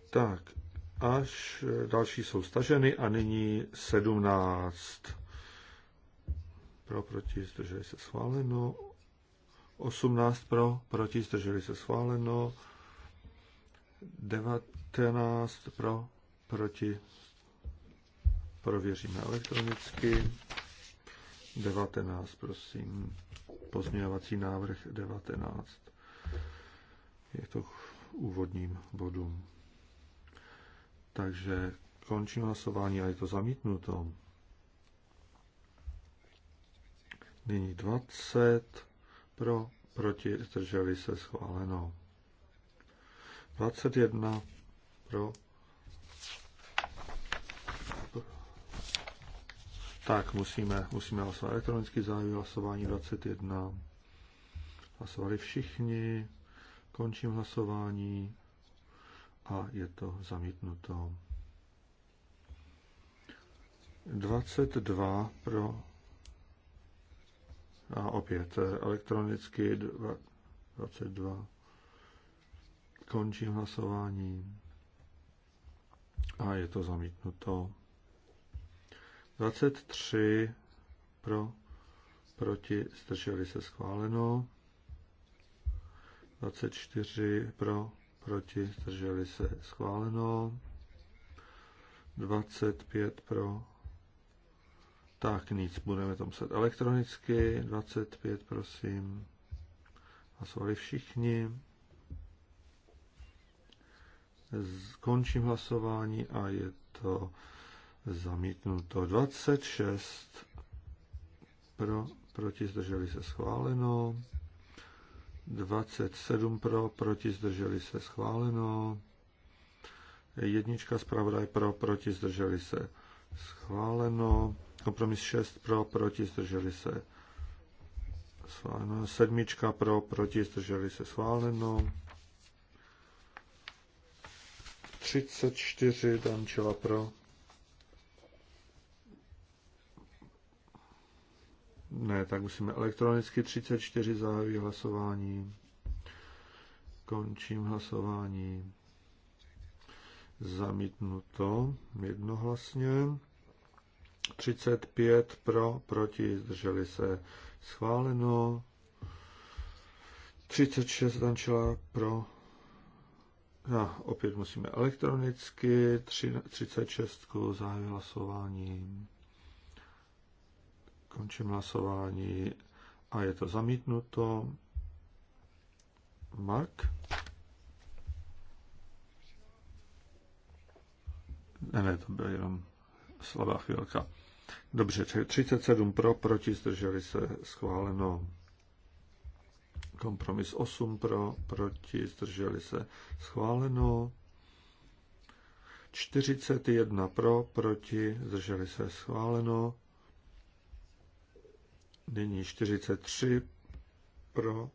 Tak, až eh, další jsou staženy a nyní 17. Pro, proti, zdrželi se schváleno. 18 pro, proti, zdrželi se schváleno. 19 pro, proti, prověříme elektronicky. 19, prosím, pozměňovací návrh 19. Je to úvodním bodům. Takže končím hlasování a je to zamítnuto. Nyní 20 pro, proti, zdrželi se schváleno. 21 pro. Tak, musíme, musíme hlasovat elektronicky zájem hlasování 21. Hlasovali všichni, končím hlasování a je to zamítnuto. 22 pro a opět eh, elektronicky 22. Končí hlasování. A je to zamítnuto. 23 pro, proti, zdrželi se schváleno. 24 pro, proti, zdrželi se schváleno. 25 pro, tak nic, budeme to muset elektronicky. 25, prosím. Hlasovali všichni. Skončím hlasování a je to zamítnuto. 26 pro, proti zdrželi se schváleno. 27 pro, proti zdrželi se schváleno. Jednička zpravodaj pro, proti zdrželi se schváleno. Kompromis 6 pro, proti, zdrželi se. Schváleno. Sedmička pro, proti, zdrželi se. Schváleno. 34 Dančela pro. Ne, tak musíme elektronicky 34 zahájí hlasování. Končím hlasování. Zamítnuto jednohlasně. 35 pro, proti, zdrželi se. Schváleno. 36 zdančila pro. No, opět musíme elektronicky. 36 zahájí hlasování. Končím hlasování a je to zamítnuto. Mark? Ne, ne, to byl jenom slabá chvilka. Dobře, 37 pro, proti, zdrželi se, schváleno. Kompromis 8 pro, proti, zdrželi se, schváleno. 41 pro, proti, zdrželi se, schváleno. Nyní 43 pro,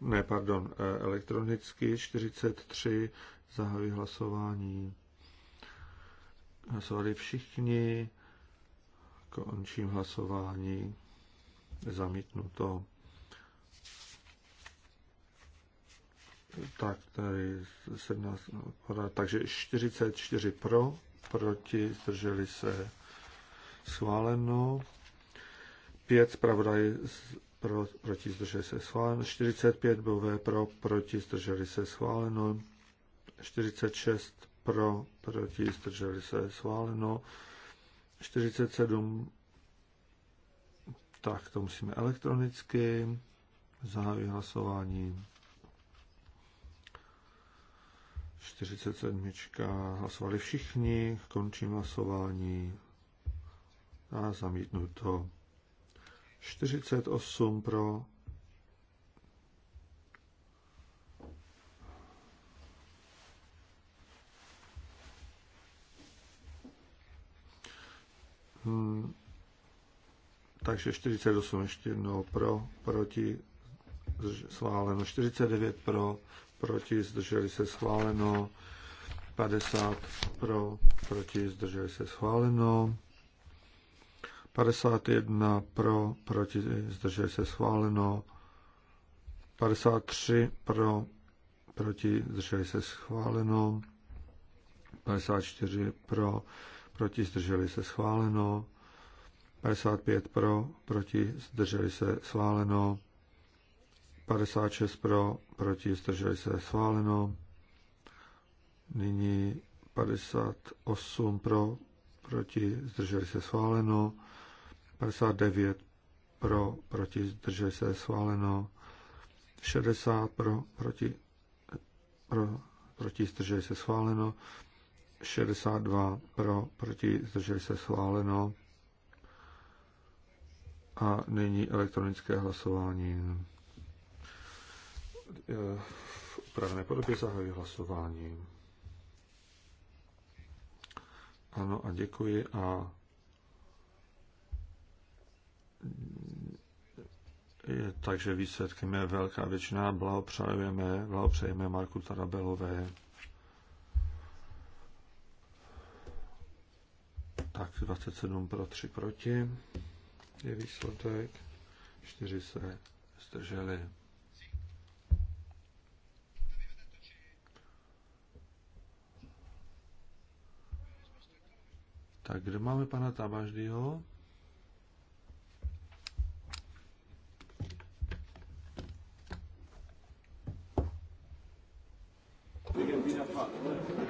ne, pardon, eh, elektronicky 43, zahajuji hlasování. Hlasovali všichni. Končím hlasování. Zamítnuto. Tak, tady 17, no, takže 44 pro, proti, zdrželi se schváleno. 5 zpravodaj pro, proti, zdrželi se schváleno. 45 BV pro, proti, zdrželi se schváleno. 46 pro, proti, zdrželi se, schváleno. 47, tak to musíme elektronicky, zahájí hlasování. 47. Hlasovali všichni, končím hlasování a zamítnu to. 48 pro, Hmm. Takže 48 ještě jednou pro, proti, schváleno. 49 pro, proti, zdrželi se schváleno. 50 pro, proti, zdrželi se schváleno. 51 pro, proti, zdrželi se schváleno. 53 pro, proti, zdrželi se schváleno. 54 pro, proti, zdrželi se schváleno. 55 pro, proti, zdrželi se schváleno. 56 pro, proti, zdrželi se schváleno. Nyní 58 pro, proti, zdrželi se schváleno. 59 pro, proti, zdrželi se schváleno. 60 pro, proti, pro, proti, zdrželi se schváleno. 62 pro, proti, zdrželi se schváleno. A nyní elektronické hlasování. V upravené podobě zahajuji hlasování. Ano a děkuji a je takže výsledkem je velká většina. Blahopřejeme, blahopřejeme Marku Tarabelové. Tak 27 pro 3 proti je výsledek. 4 se zdrželi. Tak kde máme pana Tabaždyho? Thank you.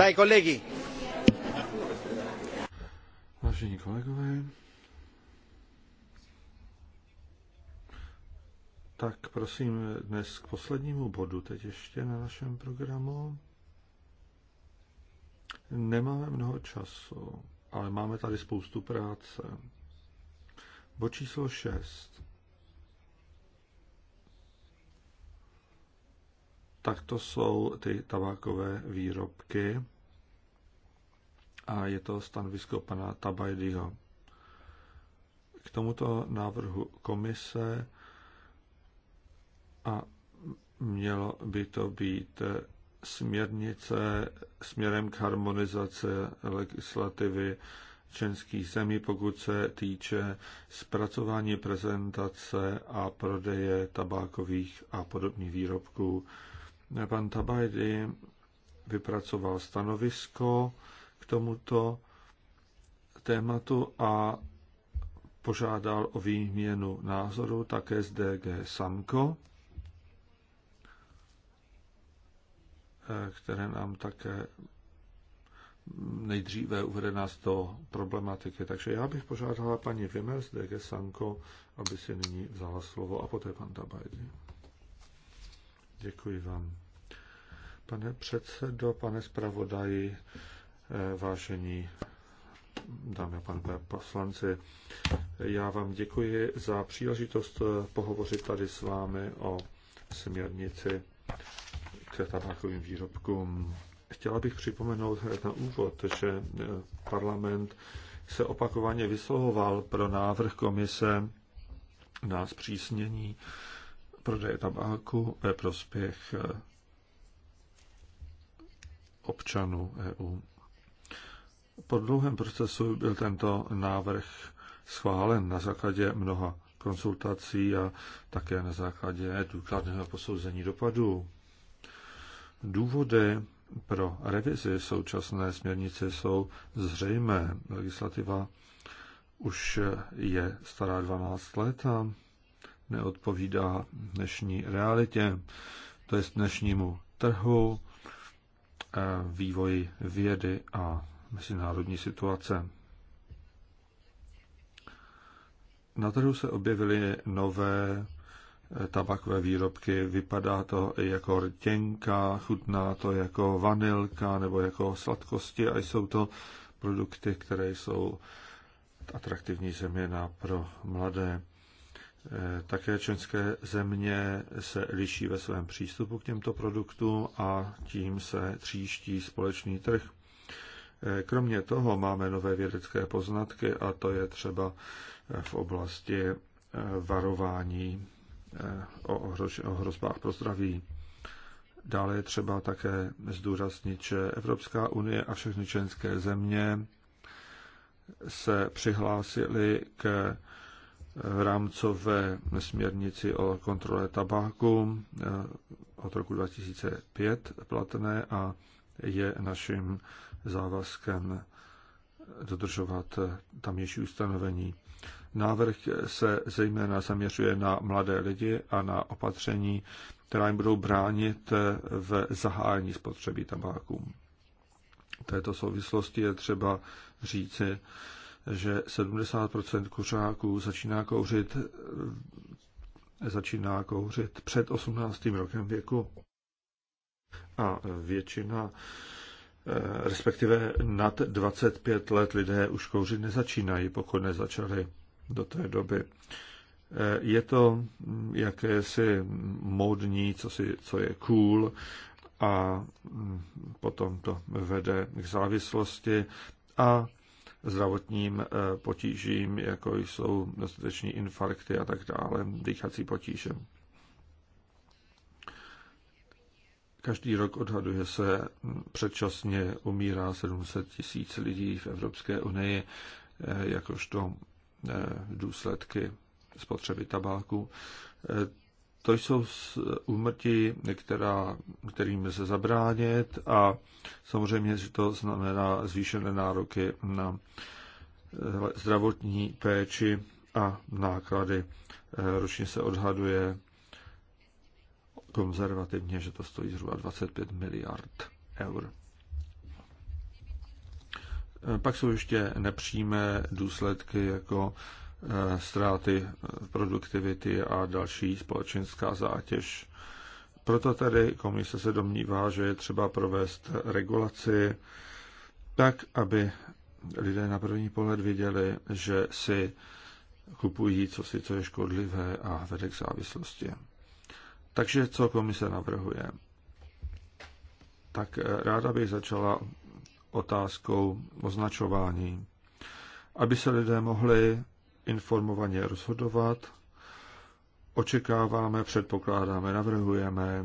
Dai, kolegy. Vážení kolegové, tak prosím dnes k poslednímu bodu teď ještě na našem programu. Nemáme mnoho času, ale máme tady spoustu práce. Bod číslo 6. tak to jsou ty tabákové výrobky a je to stanovisko pana Tabajdyho. K tomuto návrhu komise a mělo by to být směrnice směrem k harmonizaci legislativy členských zemí, pokud se týče zpracování prezentace a prodeje tabákových a podobných výrobků. Pan Tabajdy vypracoval stanovisko k tomuto tématu a požádal o výměnu názoru také z DG Samko, které nám také nejdříve uvede nás do problematiky. Takže já bych požádala paní Vimer z DG Sanko, aby si nyní vzala slovo a poté pan Tabajdy. Děkuji vám. Pane předsedo, pane zpravodaji, eh, vážení dámy a pánové poslanci, já vám děkuji za příležitost eh, pohovořit tady s vámi o směrnici k tabákovým výrobkům. Chtěla bych připomenout na úvod, že eh, parlament se opakovaně vyslovoval pro návrh komise na zpřísnění prodeje tabáku ve prospěch občanů EU. Po dlouhém procesu byl tento návrh schválen na základě mnoha konsultací a také na základě důkladného posouzení dopadů. Důvody pro revizi současné směrnice jsou zřejmé. Legislativa už je stará 12 let a neodpovídá dnešní realitě, to je dnešnímu trhu, Eh, vývoji vědy a mezinárodní situace. Na trhu se objevily nové eh, tabakové výrobky. Vypadá to jako rtěnka, chutná to jako vanilka nebo jako sladkosti a jsou to produkty, které jsou atraktivní zeměna pro mladé. Eh, také členské země se liší ve svém přístupu k těmto produktům a tím se tříští společný trh. Eh, kromě toho máme nové vědecké poznatky a to je třeba eh, v oblasti varování o hrozbách pro zdraví. Dále je třeba také zdůraznit, že Evropská unie a všechny členské země se přihlásily k v rámcové směrnici o kontrole tabáku eh, od roku 2005 platné a je naším závazkem dodržovat tamější ustanovení. Návrh se zejména zaměřuje na mladé lidi a na opatření, která jim budou bránit v zahájení spotřeby tabáku. V této souvislosti je třeba říci, že 70 kuřáků začíná kouřit, začíná kouřit před 18. rokem věku. A většina, eh, respektive nad 25 let lidé už kouřit nezačínají, pokud nezačali do té doby. Eh, je to jakési módní, co, si, co je cool, a mm, potom to vede k závislosti a zdravotním eh, potížím, jako jsou dostateční infarkty a tak dále, dýchací potíže. Každý rok odhaduje se, předčasně umírá 700 tisíc lidí v Evropské unii, eh, jakožto eh, důsledky spotřeby tabáku. To jsou úmrtí, která, kterým se zabránit a samozřejmě, že to znamená zvýšené nároky na eh, zdravotní péči a náklady. Eh, ročně se odhaduje konzervativně, že to stojí zhruba 25 miliard eur. Eh, pak jsou ještě nepřímé důsledky jako Eh, ztráty eh, produktivity a další společenská zátěž. Proto tedy komise se domnívá, že je třeba provést regulaci tak, aby lidé na první pohled viděli, že si kupují co si, co je škodlivé a vede k závislosti. Takže co komise navrhuje? Tak eh, ráda bych začala otázkou označování. Aby se lidé mohli informovaně rozhodovat. Očekáváme, předpokládáme, navrhujeme,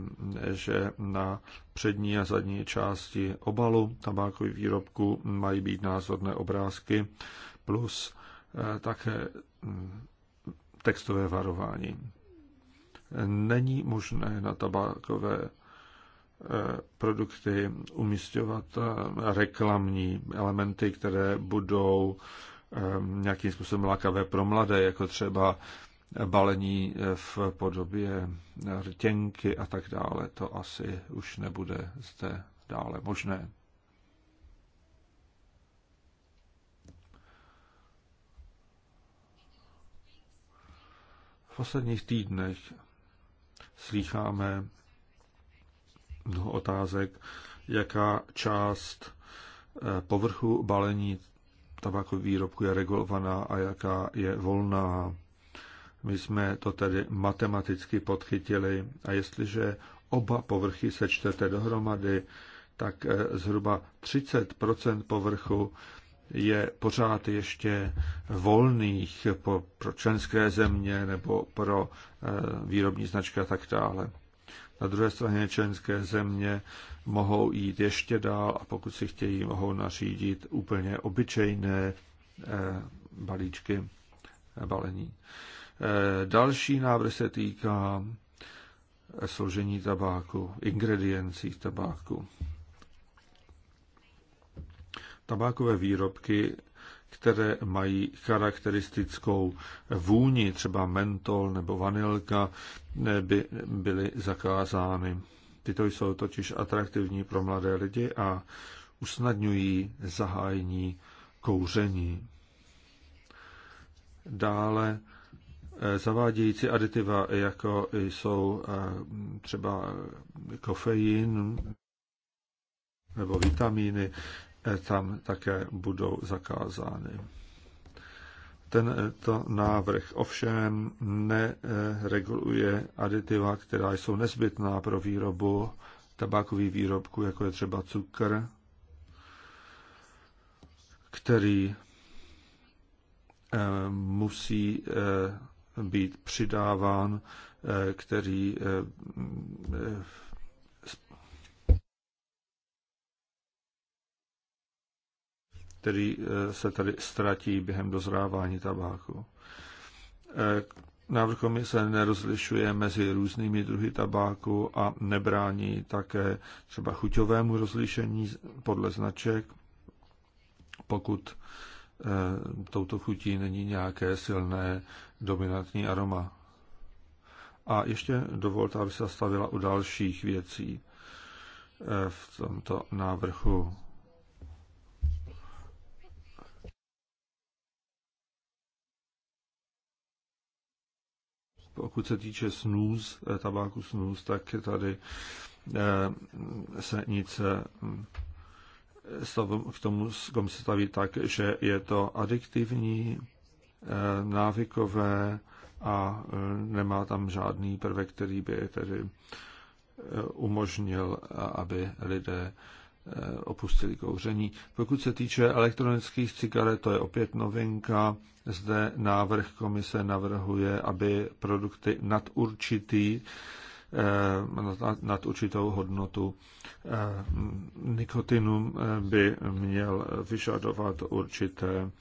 že na přední a zadní části obalu tabákových výrobků mají být názorné obrázky plus eh, také hm, textové varování. Není možné na tabákové eh, produkty umístěvat eh, reklamní elementy, které budou Ehm, nějakým způsobem lákavé pro mladé, jako třeba balení eh, v podobě eh, rtěnky a tak dále. To asi už nebude zde dále možné. V posledních týdnech slýcháme mnoho otázek, jaká část eh, povrchu balení tabákových výrobků je regulovaná a jaká je volná. My jsme to tedy matematicky podchytili a jestliže oba povrchy sečtete dohromady, tak eh, zhruba 30 povrchu je pořád ještě volných pro členské země nebo pro eh, výrobní značky a tak dále. Na druhé straně členské země mohou jít ještě dál a pokud si chtějí, mohou nařídit úplně obyčejné eh, balíčky eh, balení. Eh, další návrh se týká složení tabáku, ingrediencí tabáku. Tabákové výrobky které mají charakteristickou vůni, třeba mentol nebo vanilka, by byly zakázány. Tyto jsou totiž atraktivní pro mladé lidi a usnadňují zahájení kouření. Dále eh, zavádějící aditiva, jako jsou eh, třeba kofein nebo vitamíny, tam také budou zakázány. Tento eh, návrh ovšem nereguluje aditiva, která jsou nezbytná pro výrobu tabákových výrobků, jako je třeba cukr, který eh, musí eh, být přidáván, který který eh, se tady ztratí během dozrávání tabáku. Eh, návrh komise nerozlišuje mezi různými druhy tabáku a nebrání také třeba chuťovému rozlišení podle značek, pokud eh, touto chutí není nějaké silné dominantní aroma. A ještě dovolte, aby se zastavila u dalších věcí v tomto návrhu. pokud se týče snůz, eh, tabáku snůz, tak tady eh, se nic eh, k tomu se staví tak, že je to adiktivní, návykové a nemá tam žádný prvek, který by tedy umožnil, aby lidé Eh, opustili kouření. Pokud se týče elektronických cigaret, to je opět novinka. Zde návrh komise navrhuje, aby produkty nad určitý eh, nad určitou hodnotu eh, nikotinu by měl vyžadovat určité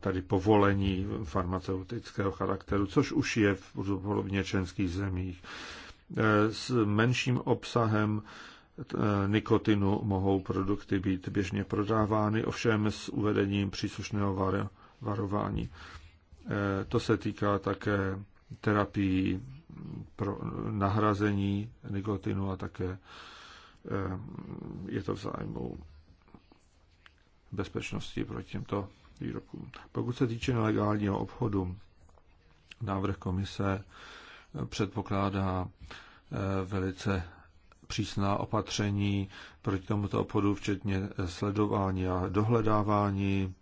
tady povolení farmaceutického charakteru, což už je v podobně členských zemích. S menším obsahem Eh, nikotinu mohou produkty být běžně prodávány, ovšem s uvedením příslušného varování. Eh, to se týká také terapii pro nahrazení nikotinu a také eh, je to v zájmu bezpečnosti proti těmto výrobkům. Pokud se týče nelegálního obchodu, návrh komise předpokládá velice přísná opatření proti tomuto obchodu, včetně eh, sledování a dohledávání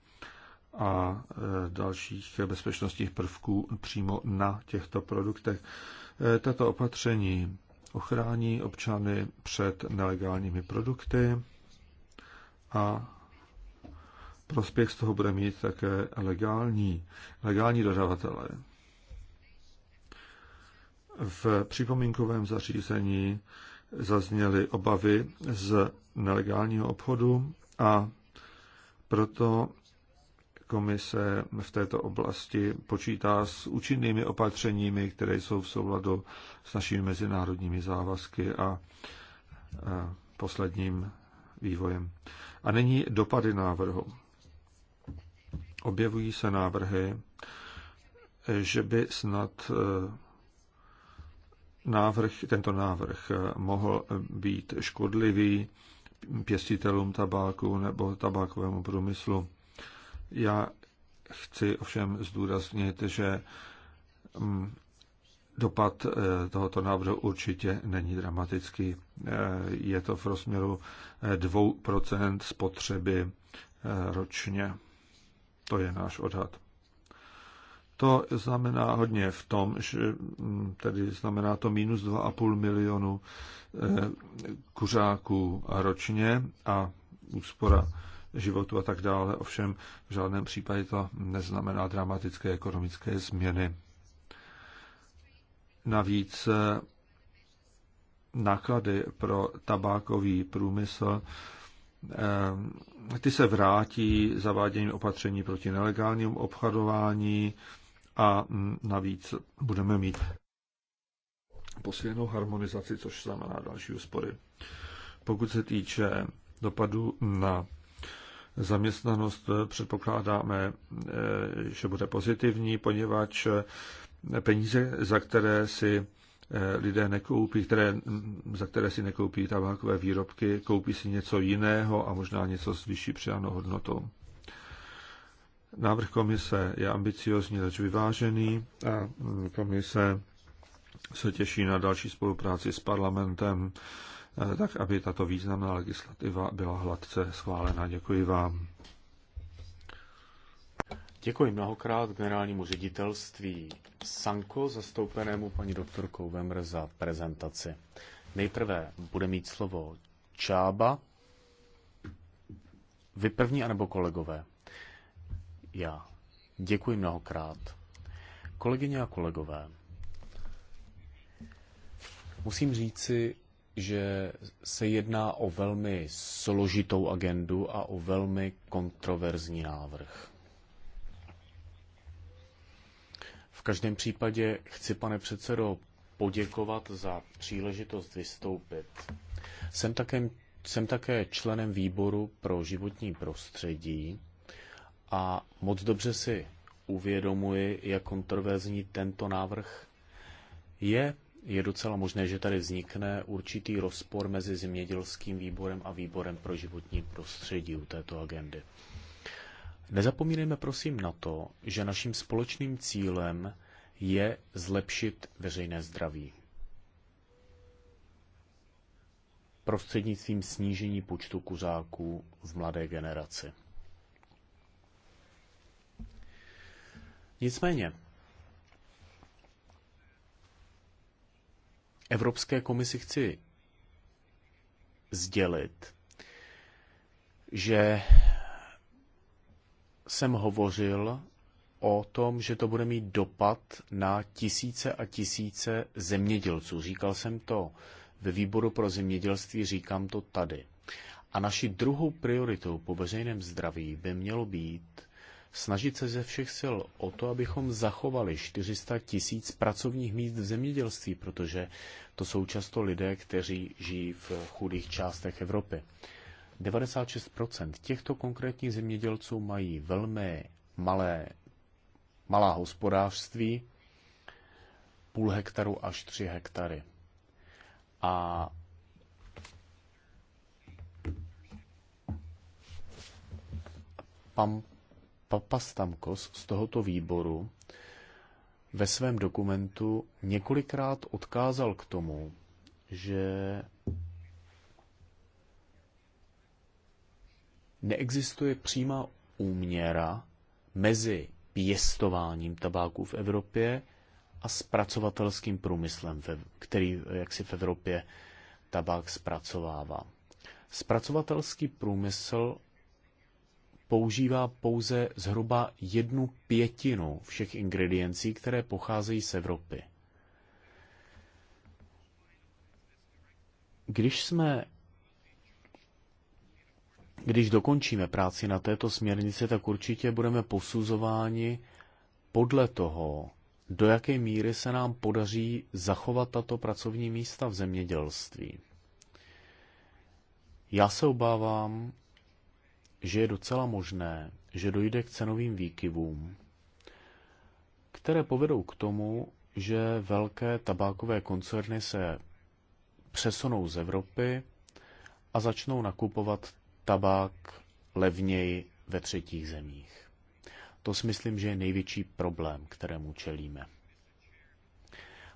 a eh, dalších bezpečnostních prvků přímo na těchto produktech. Eh, tato opatření ochrání občany před nelegálními produkty a prospěch z toho bude mít také legální, legální dodavatelé. V připomínkovém zařízení zazněly obavy z nelegálního obchodu a proto komise v této oblasti počítá s účinnými opatřeními, které jsou v souladu s našimi mezinárodními závazky a posledním vývojem. A nyní dopady návrhu. Objevují se návrhy, že by snad návrh, tento návrh eh, mohl být škodlivý pěstitelům tabáku nebo tabákovému průmyslu. Já chci ovšem zdůraznit, že mm, dopad eh, tohoto návrhu určitě není dramatický. Eh, je to v rozměru 2% spotřeby ročně. To je náš odhad. To znamená hodně v tom, že mm, tedy znamená to minus 2,5 milionu eh, kuřáků ročně a úspora životu a tak dále. Ovšem v žádném případě to neznamená dramatické ekonomické změny. Navíc eh, náklady pro tabákový průmysl eh, ty se vrátí zaváděním opatření proti nelegálnímu obchodování, a navíc budeme mít posílenou harmonizaci, což znamená další úspory. Pokud se týče dopadu na zaměstnanost, předpokládáme, eh, že bude pozitivní, poněvadž eh, peníze, za které si eh, lidé nekoupí, které, mm, za které si nekoupí tabákové výrobky, koupí si něco jiného a možná něco s vyšší přidanou hodnotou. Návrh komise je ambiciozní, leč vyvážený a komise se těší na další spolupráci s parlamentem, eh, tak aby tato významná legislativa byla hladce schválena. Děkuji vám. Děkuji mnohokrát generálnímu ředitelství Sanko, zastoupenému paní doktorkou Vemr za prezentaci. Nejprve bude mít slovo Čába. Vy první, anebo kolegové? já. Děkuji mnohokrát. Kolegyně a kolegové, musím říci, že se jedná o velmi složitou agendu a o velmi kontroverzní návrh. V každém případě chci, pane předsedo, poděkovat za příležitost vystoupit. Jsem také, jsem také členem výboru pro životní prostředí a moc dobře si uvědomuji, jak kontroverzní tento návrh je. Je docela možné, že tady vznikne určitý rozpor mezi zemědělským výborem a výborem pro životní prostředí u této agendy. Nezapomínejme prosím na to, že naším společným cílem je zlepšit veřejné zdraví. Prostřednictvím snížení počtu kuřáků v mladé generaci. Nicméně, Evropské komisi chci sdělit, že jsem hovořil o tom, že to bude mít dopad na tisíce a tisíce zemědělců. Říkal jsem to ve výboru pro zemědělství, říkám to tady. A naší druhou prioritou po veřejném zdraví by mělo být snažit se ze všech sil o to, abychom zachovali 400 tisíc pracovních míst v zemědělství, protože to jsou často lidé, kteří žijí v chudých částech Evropy. 96% těchto konkrétních zemědělců mají velmi malé, malá hospodářství, půl hektaru až 3 hektary. A pan Papastamkos z tohoto výboru ve svém dokumentu několikrát odkázal k tomu, že neexistuje přímá úměra mezi pěstováním tabáku v Evropě a zpracovatelským průmyslem, který jak si v Evropě tabák zpracovává. Zpracovatelský průmysl používá pouze zhruba jednu pětinu všech ingrediencí, které pocházejí z Evropy. Když jsme když dokončíme práci na této směrnici, tak určitě budeme posuzováni podle toho, do jaké míry se nám podaří zachovat tato pracovní místa v zemědělství. Já se obávám, že je docela možné, že dojde k cenovým výkyvům, které povedou k tomu, že velké tabákové koncerny se přesunou z Evropy a začnou nakupovat tabák levněji ve třetích zemích. To si myslím, že je největší problém, kterému čelíme.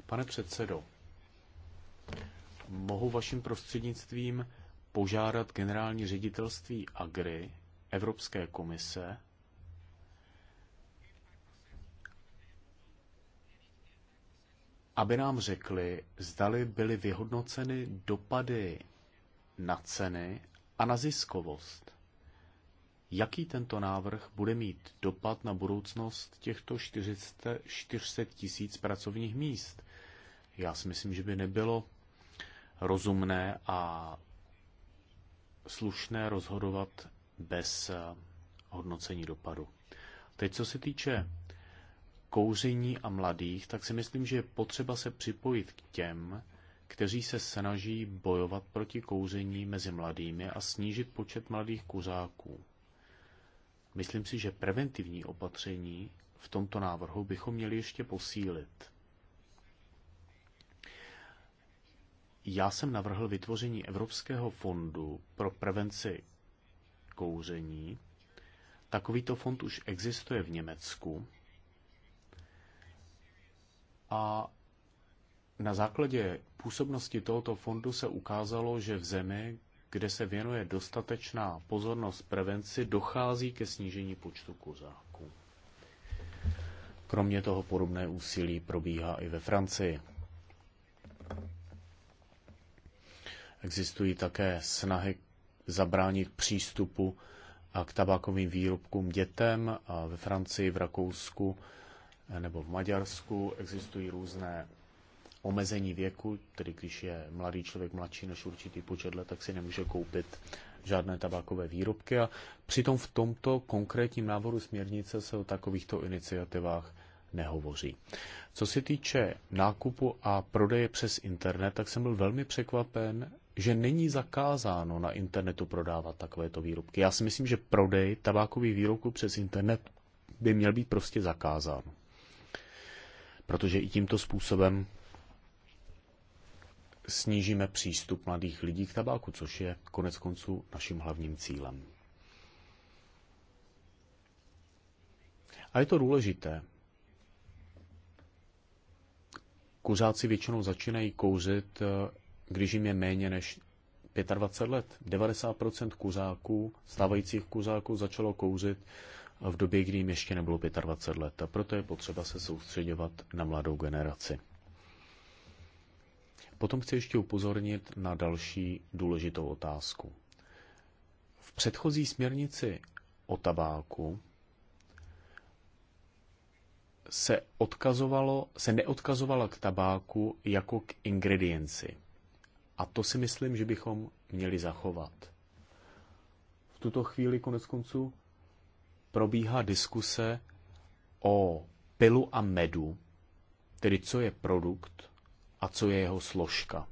Pane předsedo, mohu vaším prostřednictvím požádat generální ředitelství Agri Evropské komise, aby nám řekli, zdali byly vyhodnoceny dopady na ceny a na ziskovost. Jaký tento návrh bude mít dopad na budoucnost těchto 400 tisíc pracovních míst? Já si myslím, že by nebylo rozumné a slušné rozhodovat bez eh, hodnocení dopadu. Teď, co se týče kouření a mladých, tak si myslím, že je potřeba se připojit k těm, kteří se snaží bojovat proti kouření mezi mladými a snížit počet mladých kuřáků. Myslím si, že preventivní opatření v tomto návrhu bychom měli ještě posílit. já jsem navrhl vytvoření Evropského fondu pro prevenci kouření. Takovýto fond už existuje v Německu. A na základě působnosti tohoto fondu se ukázalo, že v zemi, kde se věnuje dostatečná pozornost prevenci, dochází ke snížení počtu kuřáků. Kromě toho podobné úsilí probíhá i ve Francii. Existují také snahy zabránit přístupu k tabákovým výrobkům dětem a ve Francii, v Rakousku eh, nebo v Maďarsku. Existují různé omezení věku, tedy když je mladý člověk mladší než určitý počet let, tak si nemůže koupit žádné tabákové výrobky. A přitom v tomto konkrétním návodu směrnice se o takovýchto iniciativách nehovoří. Co se týče nákupu a prodeje přes internet, tak jsem byl velmi překvapen, že není zakázáno na internetu prodávat takovéto výrobky. Já si myslím, že prodej tabákových výrobků přes internet by měl být prostě zakázán. Protože i tímto způsobem snížíme přístup mladých lidí k tabáku, což je konec konců naším hlavním cílem. A je to důležité. Kuřáci většinou začínají kouřit eh, když jim je méně než 25 let. 90% kuřáků, stávajících kuřáků, začalo kouřit v době, kdy jim ještě nebylo 25 let. A proto je potřeba se soustředovat na mladou generaci. Potom chci ještě upozornit na další důležitou otázku. V předchozí směrnici o tabáku se, odkazovalo, se neodkazovala k tabáku jako k ingredienci. A to si myslím, že bychom měli zachovat. V tuto chvíli konec konců probíhá diskuse o pilu a medu, tedy co je produkt a co je jeho složka.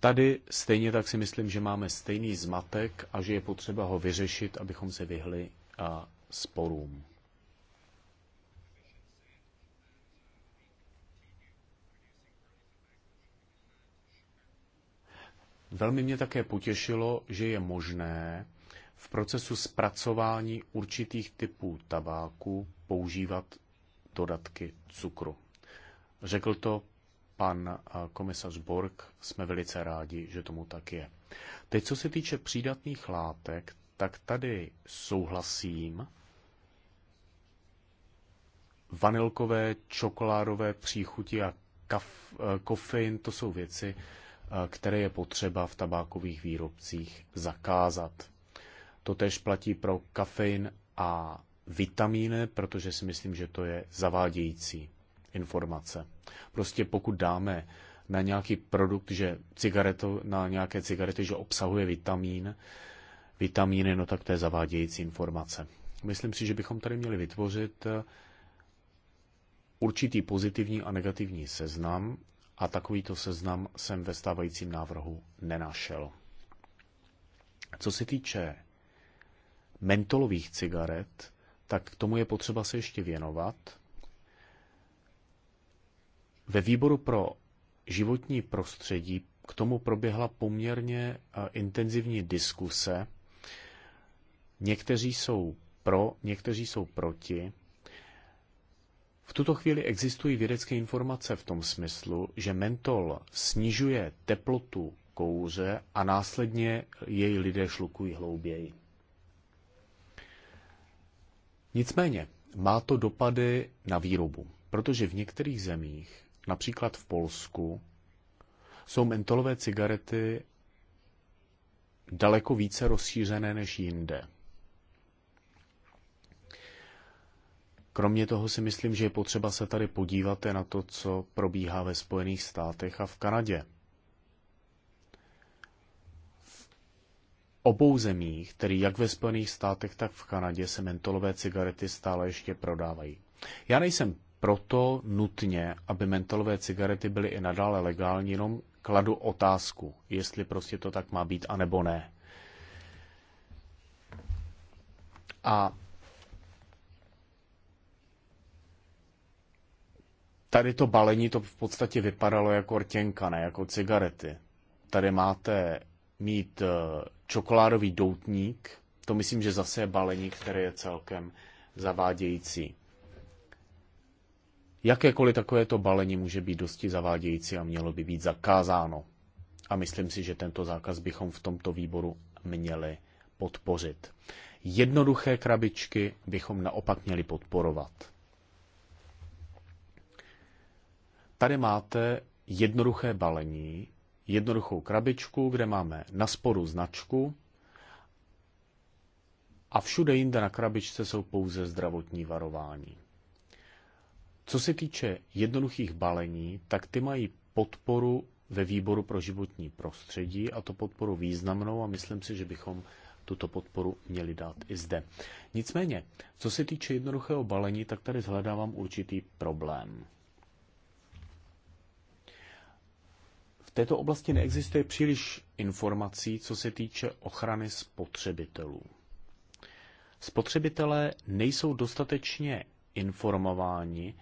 Tady stejně tak si myslím, že máme stejný zmatek a že je potřeba ho vyřešit, abychom se vyhli a sporům. Velmi mě také potěšilo, že je možné v procesu zpracování určitých typů tabáku používat dodatky cukru. Řekl to pan komisař Borg, jsme velice rádi, že tomu tak je. Teď, co se týče přídatných látek, tak tady souhlasím. Vanilkové, čokoládové příchuti a kaf, kofein, to jsou věci, které je potřeba v tabákových výrobcích zakázat. Totež platí pro kafein a vitamíny, protože si myslím, že to je zavádějící informace. Prostě pokud dáme na nějaký produkt, že cigareto, na nějaké cigarety, že obsahuje vitamín, vitamíny, no tak to je zavádějící informace. Myslím si, že bychom tady měli vytvořit eh, určitý pozitivní a negativní seznam a takovýto seznam jsem ve stávajícím návrhu nenašel. Co se týče mentolových cigaret, tak k tomu je potřeba se ještě věnovat. Ve výboru pro životní prostředí k tomu proběhla poměrně eh, intenzivní diskuse. Někteří jsou pro, někteří jsou proti. V tuto chvíli existují vědecké informace v tom smyslu, že mentol snižuje teplotu kouře a následně jej lidé šlukují hlouběji. Nicméně má to dopady na výrobu, protože v některých zemích, například v Polsku, jsou mentolové cigarety daleko více rozšířené než jinde. Kromě toho si myslím, že je potřeba se tady podívat na to, co probíhá ve Spojených státech a v Kanadě. V obou zemích, tedy jak ve Spojených státech, tak v Kanadě, se mentolové cigarety stále ještě prodávají. Já nejsem proto nutně, aby mentolové cigarety byly i nadále legální, jenom kladu otázku, jestli prostě to tak má být, anebo ne. A Tady to balení to v podstatě vypadalo jako rtěnka, ne jako cigarety. Tady máte mít eh, čokoládový doutník, to myslím, že zase je balení, které je celkem zavádějící. Jakékoliv takovéto balení může být dosti zavádějící a mělo by být zakázáno. A myslím si, že tento zákaz bychom v tomto výboru měli podpořit. Jednoduché krabičky bychom naopak měli podporovat. Tady máte jednoduché balení, jednoduchou krabičku, kde máme na sporu značku a všude jinde na krabičce jsou pouze zdravotní varování. Co se týče jednoduchých balení, tak ty mají podporu ve výboru pro životní prostředí a to podporu významnou a myslím si, že bychom tuto podporu měli dát i zde. Nicméně, co se týče jednoduchého balení, tak tady zhledávám určitý problém. této oblasti neexistuje příliš informací, co se týče ochrany spotřebitelů. Spotřebitelé nejsou dostatečně informováni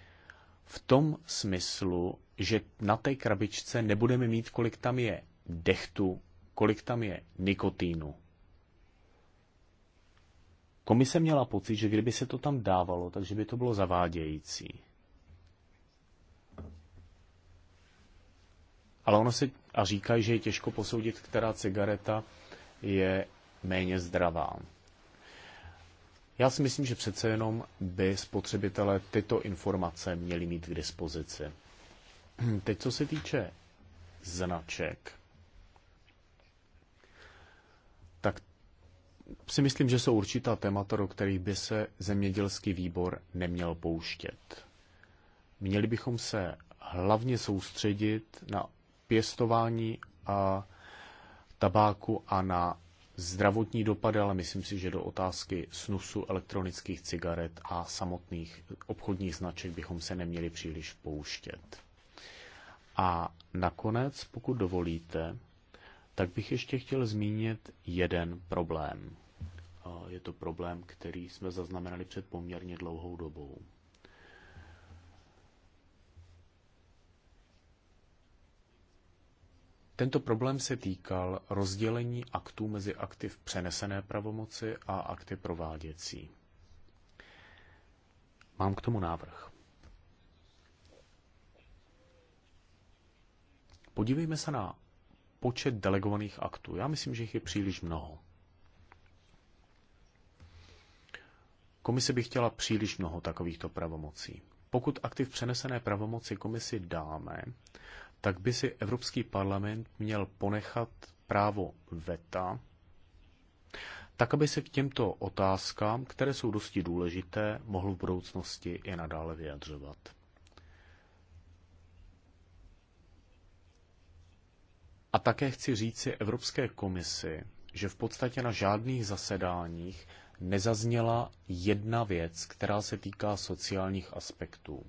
v tom smyslu, že na té krabičce nebudeme mít, kolik tam je dechtu, kolik tam je nikotínu. Komise měla pocit, že kdyby se to tam dávalo, takže by to bylo zavádějící. ale ono si a říkají, že je těžko posoudit, která cigareta je méně zdravá. Já si myslím, že přece jenom by spotřebitelé tyto informace měli mít k dispozici. Teď, co se týče značek, tak si myslím, že jsou určitá témata, do kterých by se zemědělský výbor neměl pouštět. Měli bychom se hlavně soustředit na pěstování a tabáku a na zdravotní dopady, ale myslím si, že do otázky snusu elektronických cigaret a samotných obchodních značek bychom se neměli příliš pouštět. A nakonec, pokud dovolíte, tak bych ještě chtěl zmínit jeden problém. Eh, je to problém, který jsme zaznamenali před poměrně dlouhou dobou. Tento problém se týkal rozdělení aktů mezi akty v přenesené pravomoci a akty prováděcí. Mám k tomu návrh. Podívejme se na počet delegovaných aktů. Já myslím, že jich je příliš mnoho. Komise by chtěla příliš mnoho takovýchto pravomocí. Pokud aktiv přenesené pravomoci komisi dáme, tak by si Evropský parlament měl ponechat právo VETA, tak aby se k těmto otázkám, které jsou dosti důležité, mohl v budoucnosti i nadále vyjadřovat. A také chci říci Evropské komisi, že v podstatě na žádných zasedáních nezazněla jedna věc, která se týká sociálních aspektů.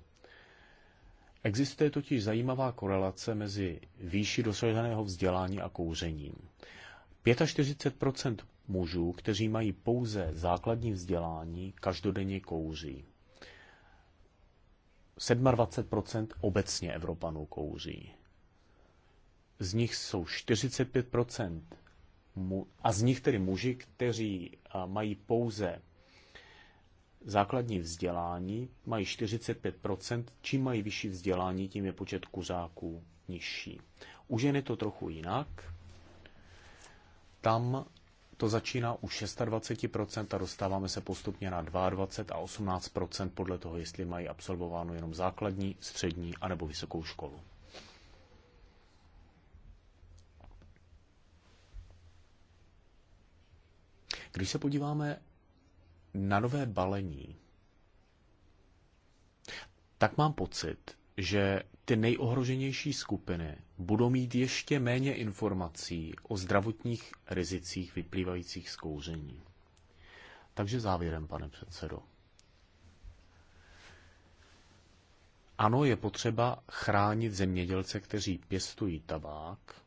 Existuje totiž zajímavá korelace mezi výši dosaženého vzdělání a kouřením. 45 mužů, kteří mají pouze základní vzdělání, každodenně kouří. 27 obecně Evropanů kouří. Z nich jsou 45 mu- a z nich tedy muži, kteří mají pouze základní vzdělání mají 45%, čím mají vyšší vzdělání, tím je počet kuřáků nižší. U žen je to trochu jinak. Tam to začíná u 26% a dostáváme se postupně na 22 a 18% podle toho, jestli mají absolvováno jenom základní, střední anebo vysokou školu. Když se podíváme na nové balení, tak mám pocit, že ty nejohroženější skupiny budou mít ještě méně informací o zdravotních rizicích vyplývajících z kouření. Takže závěrem, pane předsedo. Ano, je potřeba chránit zemědělce, kteří pěstují tabák,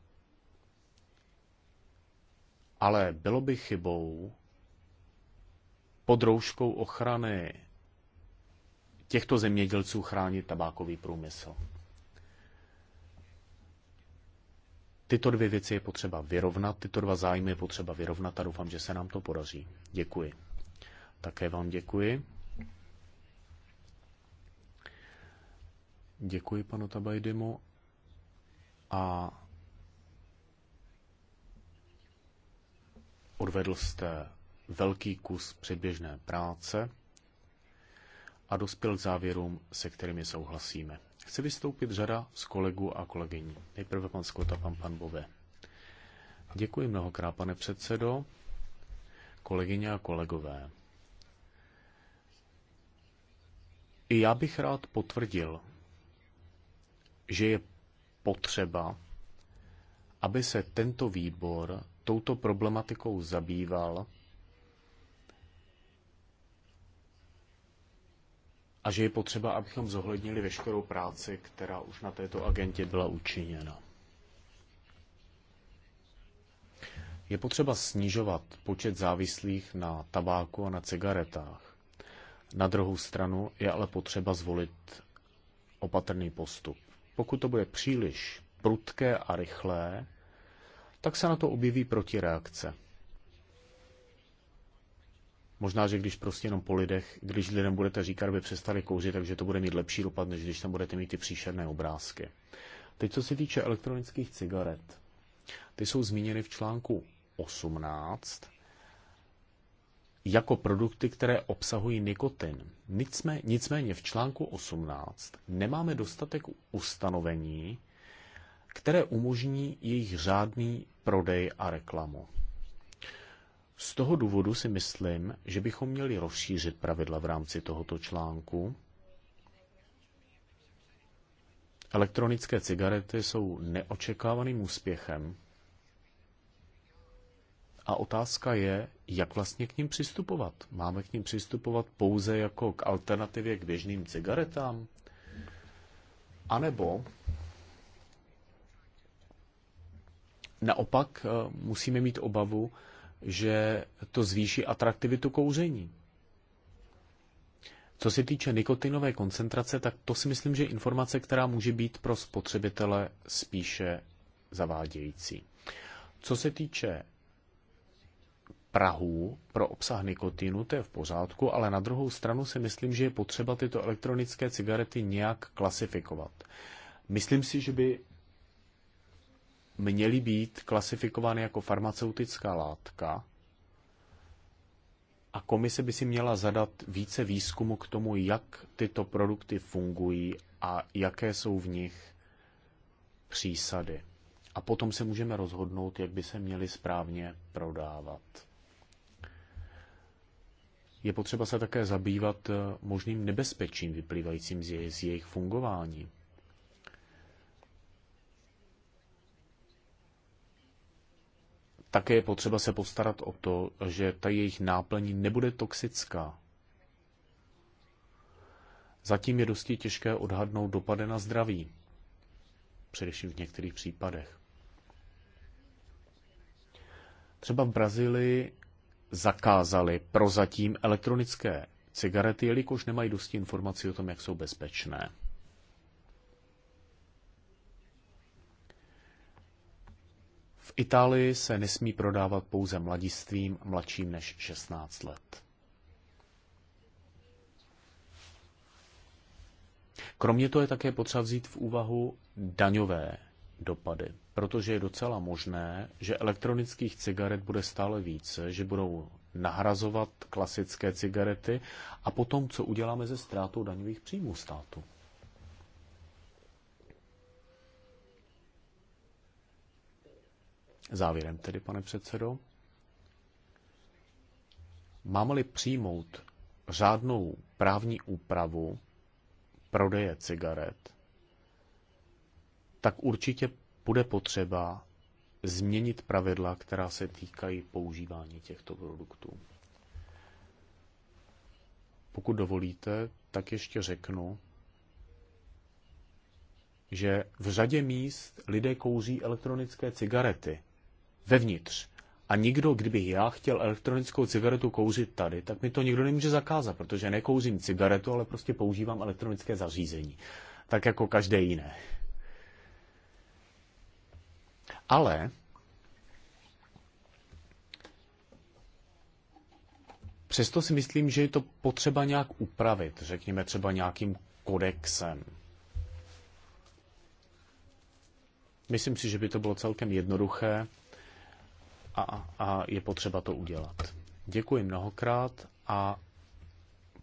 ale bylo by chybou pod rouškou ochrany těchto zemědělců chránit tabákový průmysl. Tyto dvě věci je potřeba vyrovnat, tyto dva zájmy je potřeba vyrovnat a doufám, že se nám to podaří. Děkuji. Také vám děkuji. Děkuji panu Tabajdimu a odvedl jste velký kus předběžné práce a dospěl k závěrům, se kterými souhlasíme. Chce vystoupit řada z kolegů a kolegyní. Nejprve pan Skota, pan pan Bove. Děkuji mnohokrát, pane předsedo, kolegyně a kolegové. I já bych rád potvrdil, že je potřeba, aby se tento výbor touto problematikou zabýval a že je potřeba, abychom zohlednili veškerou práci, která už na této agentě byla učiněna. Je potřeba snižovat počet závislých na tabáku a na cigaretách. Na druhou stranu je ale potřeba zvolit opatrný postup. Pokud to bude příliš prudké a rychlé, tak se na to objeví protireakce. Možná, že když prostě jenom po lidech, když lidem budete říkat, aby přestali kouřit, takže to bude mít lepší dopad, než když tam budete mít ty příšerné obrázky. Teď, co se týče elektronických cigaret, ty jsou zmíněny v článku 18 jako produkty, které obsahují nikotin. Nicméně, v článku 18 nemáme dostatek ustanovení, které umožní jejich řádný prodej a reklamu. Z toho důvodu si myslím, že bychom měli rozšířit pravidla v rámci tohoto článku. Elektronické cigarety jsou neočekávaným úspěchem a otázka je, jak vlastně k ním přistupovat. Máme k ním přistupovat pouze jako k alternativě k běžným cigaretám? A nebo naopak eh, musíme mít obavu, že to zvýší atraktivitu kouření. Co se týče nikotinové koncentrace, tak to si myslím, že je informace, která může být pro spotřebitele spíše zavádějící. Co se týče Prahu pro obsah nikotinu, to je v pořádku, ale na druhou stranu si myslím, že je potřeba tyto elektronické cigarety nějak klasifikovat. Myslím si, že by měly být klasifikovány jako farmaceutická látka a komise by si měla zadat více výzkumu k tomu, jak tyto produkty fungují a jaké jsou v nich přísady. A potom se můžeme rozhodnout, jak by se měly správně prodávat. Je potřeba se také zabývat eh, možným nebezpečím vyplývajícím z jejich fungování. také je potřeba se postarat o to, že ta jejich náplň nebude toxická. Zatím je dosti těžké odhadnout dopady na zdraví, především v některých případech. Třeba v Brazílii zakázali prozatím elektronické cigarety, jelikož nemají dosti informací o tom, jak jsou bezpečné. V Itálii se nesmí prodávat pouze mladistvím mladším než 16 let. Kromě toho je také potřeba vzít v úvahu daňové dopady, protože je docela možné, že elektronických cigaret bude stále více, že budou nahrazovat klasické cigarety a potom, co uděláme ze ztrátou daňových příjmů státu. Závěrem tedy, pane předsedo, mám-li přijmout řádnou právní úpravu prodeje cigaret, tak určitě bude potřeba změnit pravidla, která se týkají používání těchto produktů. Pokud dovolíte, tak ještě řeknu, že v řadě míst lidé kouří elektronické cigarety – vevnitř. A nikdo, kdyby já chtěl elektronickou cigaretu kouřit tady, tak mi to nikdo nemůže zakázat, protože nekouřím cigaretu, ale prostě používám elektronické zařízení. Tak jako každé jiné. Ale přesto si myslím, že je to potřeba nějak upravit, řekněme třeba nějakým kodexem. Myslím si, že by to bylo celkem jednoduché a, a je potřeba to udělat. Děkuji mnohokrát a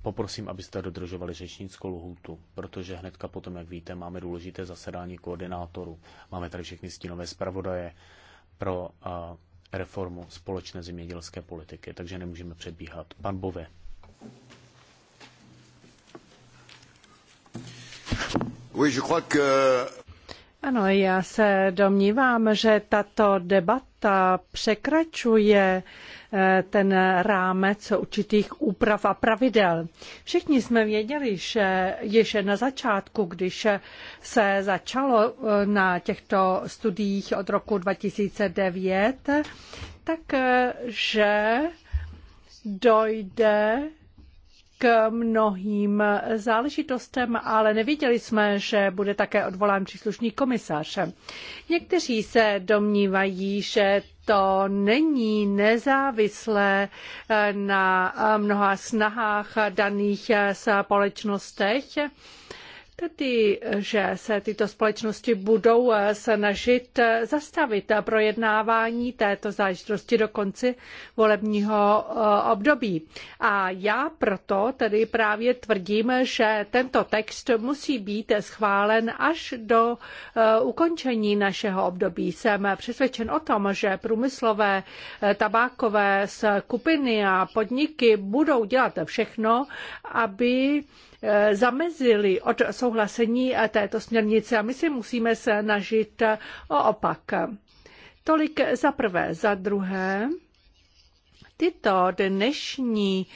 poprosím, abyste dodržovali řečnickou lhůtu, protože hnedka potom, jak víte, máme důležité zasedání koordinátorů. Máme tady všechny stínové zpravodaje pro a, reformu společné zemědělské politiky, takže nemůžeme předbíhat. Pan Bove. Oui, je crois que ano, já se domnívám, že tato debata překračuje eh, ten rámec určitých úprav a pravidel. Všichni jsme věděli, že již na začátku, když se začalo eh, na těchto studiích od roku 2009, takže eh, dojde k mnohým záležitostem, ale neviděli jsme, že bude také odvolán příslušný komisář. Někteří se domnívají, že to není nezávislé eh, na eh, mnoha snahách daných eh, společnostech tedy, že se tyto společnosti budou eh, snažit eh, zastavit eh, projednávání této záležitosti do konce volebního období. A já proto tedy právě tvrdím, že tento text musí být schválen až do ukončení našeho období. Jsem přesvědčen o tom, že průmyslové tabákové skupiny a podniky budou dělat všechno, aby Eh, zamezili od souhlasení eh, této směrnice a my si musíme snažit eh, o opak. Tolik za prvé. Za druhé, tyto dnešní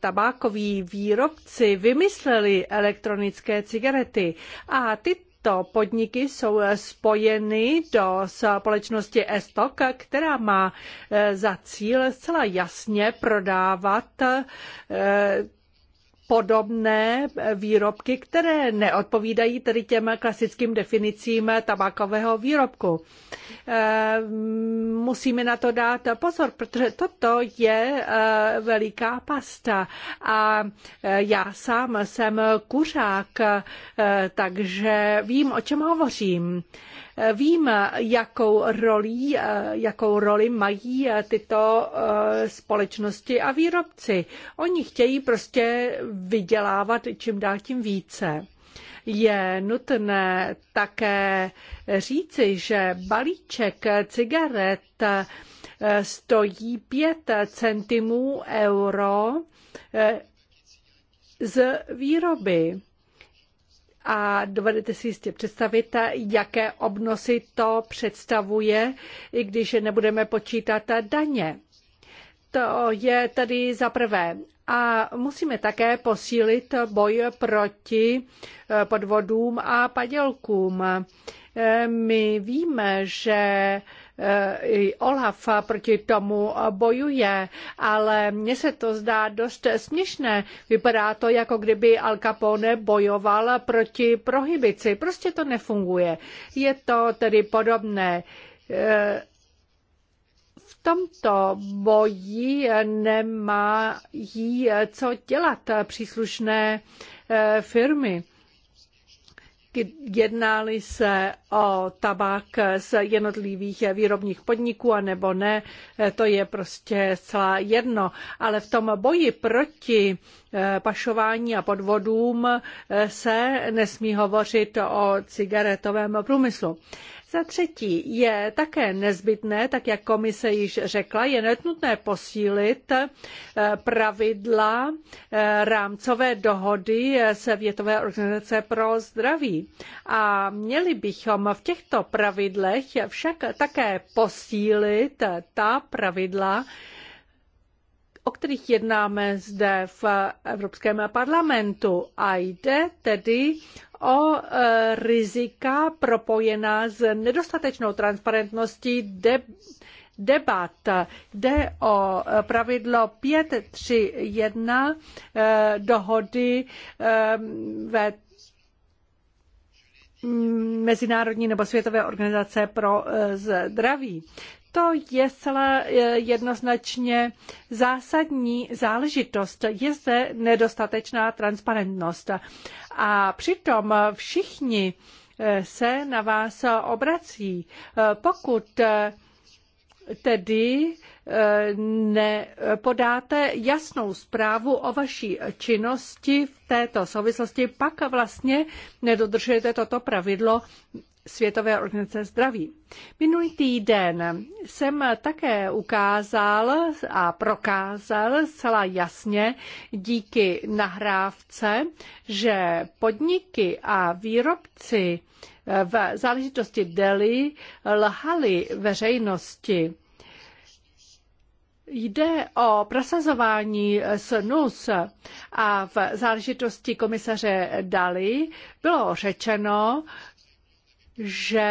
tabákoví výrobci vymysleli elektronické cigarety a ty tyto podniky jsou spojeny do společnosti Estok, která má za cíl zcela jasně prodávat podobné výrobky, které neodpovídají tedy těm klasickým definicím tabákového výrobku. Ehm, musíme na to dát pozor, protože toto je eh, veliká pasta a eh, já sám jsem kuřák, eh, takže vím, o čem hovořím. Vím, jakou roli, jakou roli mají tyto eh, společnosti a výrobci. Oni chtějí prostě vydělávat čím dál tím více je nutné také říci, že balíček cigaret eh, stojí 5 centimů euro eh, z výroby a dovedete si jistě představit, jaké obnosy to představuje, i když nebudeme počítat daně. To je tady za prvé. A musíme také posílit boj proti eh, podvodům a padělkům. Eh, my víme, že Eh, i Olaf proti tomu bojuje, ale mně se to zdá dost směšné. Vypadá to, jako kdyby Al Capone bojoval proti prohibici. Prostě to nefunguje. Je to tedy podobné eh, v tomto boji nemá jí co dělat příslušné eh, firmy jednáli se o tabák z jednotlivých výrobních podniků a nebo ne, to je prostě zcela jedno. Ale v tom boji proti eh, pašování a podvodům eh, se nesmí hovořit o cigaretovém průmyslu. Za třetí je také nezbytné, tak jak komise již řekla, je nutné posílit eh, pravidla eh, rámcové dohody eh, Světové organizace pro zdraví. A měli bychom v těchto pravidlech však také posílit ta pravidla, o kterých jednáme zde v Evropském parlamentu. A jde tedy o e, rizika propojená s nedostatečnou transparentností de, debat. Jde o e, pravidlo 531 e, dohody ve Mezinárodní nebo Světové organizace pro zdraví. To je celé jednoznačně zásadní záležitost. Je zde nedostatečná transparentnost. A přitom všichni eh, se na vás obrací. Eh, pokud eh, tedy nepodáte jasnou zprávu o vaší činnosti v této souvislosti, pak vlastně nedodržujete toto pravidlo Světové organizace zdraví. Minulý týden jsem také ukázal a prokázal zcela jasně díky nahrávce, že podniky a výrobci v záležitosti Deli lhali veřejnosti. Jde o prosazování SNUS a v záležitosti komisaře Dali bylo řečeno, že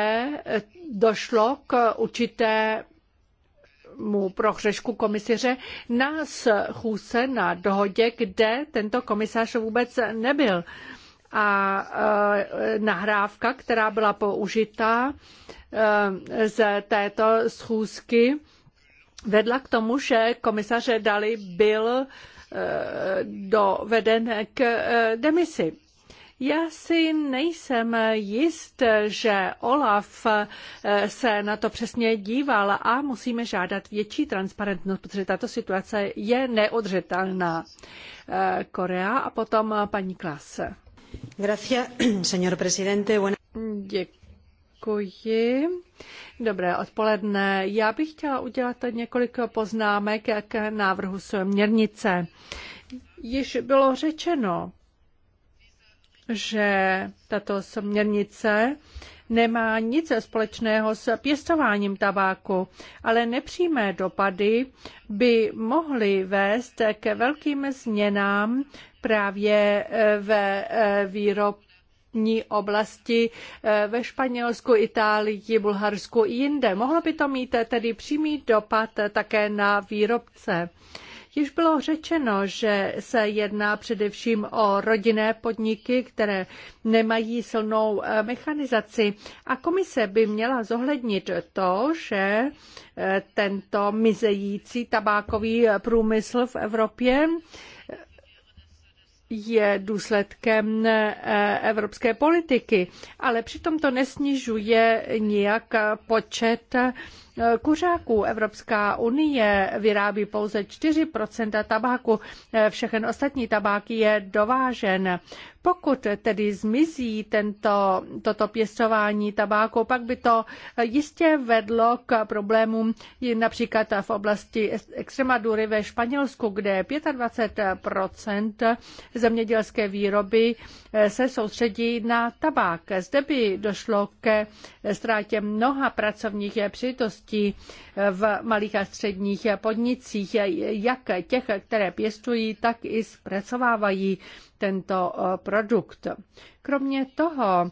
eh, došlo k určitému prohřešku komisaře na schůzce na dohodě, kde tento komisař vůbec nebyl. A eh, nahrávka, která byla použita eh, z této schůzky, vedla k tomu, že komisaře Dali byl doveden k demisi. Já si nejsem jist, že Olaf eh, se na to přesně díval a musíme žádat větší transparentnost, protože tato situace je neodřetelná. Eh, Korea a potom paní Klas. Děkuji. Dobré odpoledne. Já bych chtěla udělat několik poznámek k návrhu směrnice. Již bylo řečeno, že tato směrnice nemá nic společného s pěstováním tabáku, ale nepřímé dopady by mohly vést ke velkým změnám právě eh, ve eh, výrobě oblasti eh, ve Španělsku, Itálii, Bulharsku i jinde. Mohlo by to mít tedy přímý dopad také na výrobce. Již bylo řečeno, že se jedná především o rodinné podniky, které nemají silnou eh, mechanizaci a komise by měla zohlednit to, že eh, tento mizející tabákový průmysl v Evropě eh, je důsledkem evropské politiky, ale přitom to nesnižuje nijak počet kuřáků. Evropská unie vyrábí pouze 4 tabáku, všechen ostatní tabák je dovážen. Pokud tedy zmizí tento, toto pěstování tabáku, pak by to jistě vedlo k problémům například v oblasti Extremadury ve Španělsku, kde 25 zemědělské výroby se soustředí na tabák. Zde by došlo ke ztrátě mnoha pracovních příležitostí činnosti eh, v malých a středních podnicích, jak těch, které pěstují, tak i zpracovávají tento eh, produkt. Kromě toho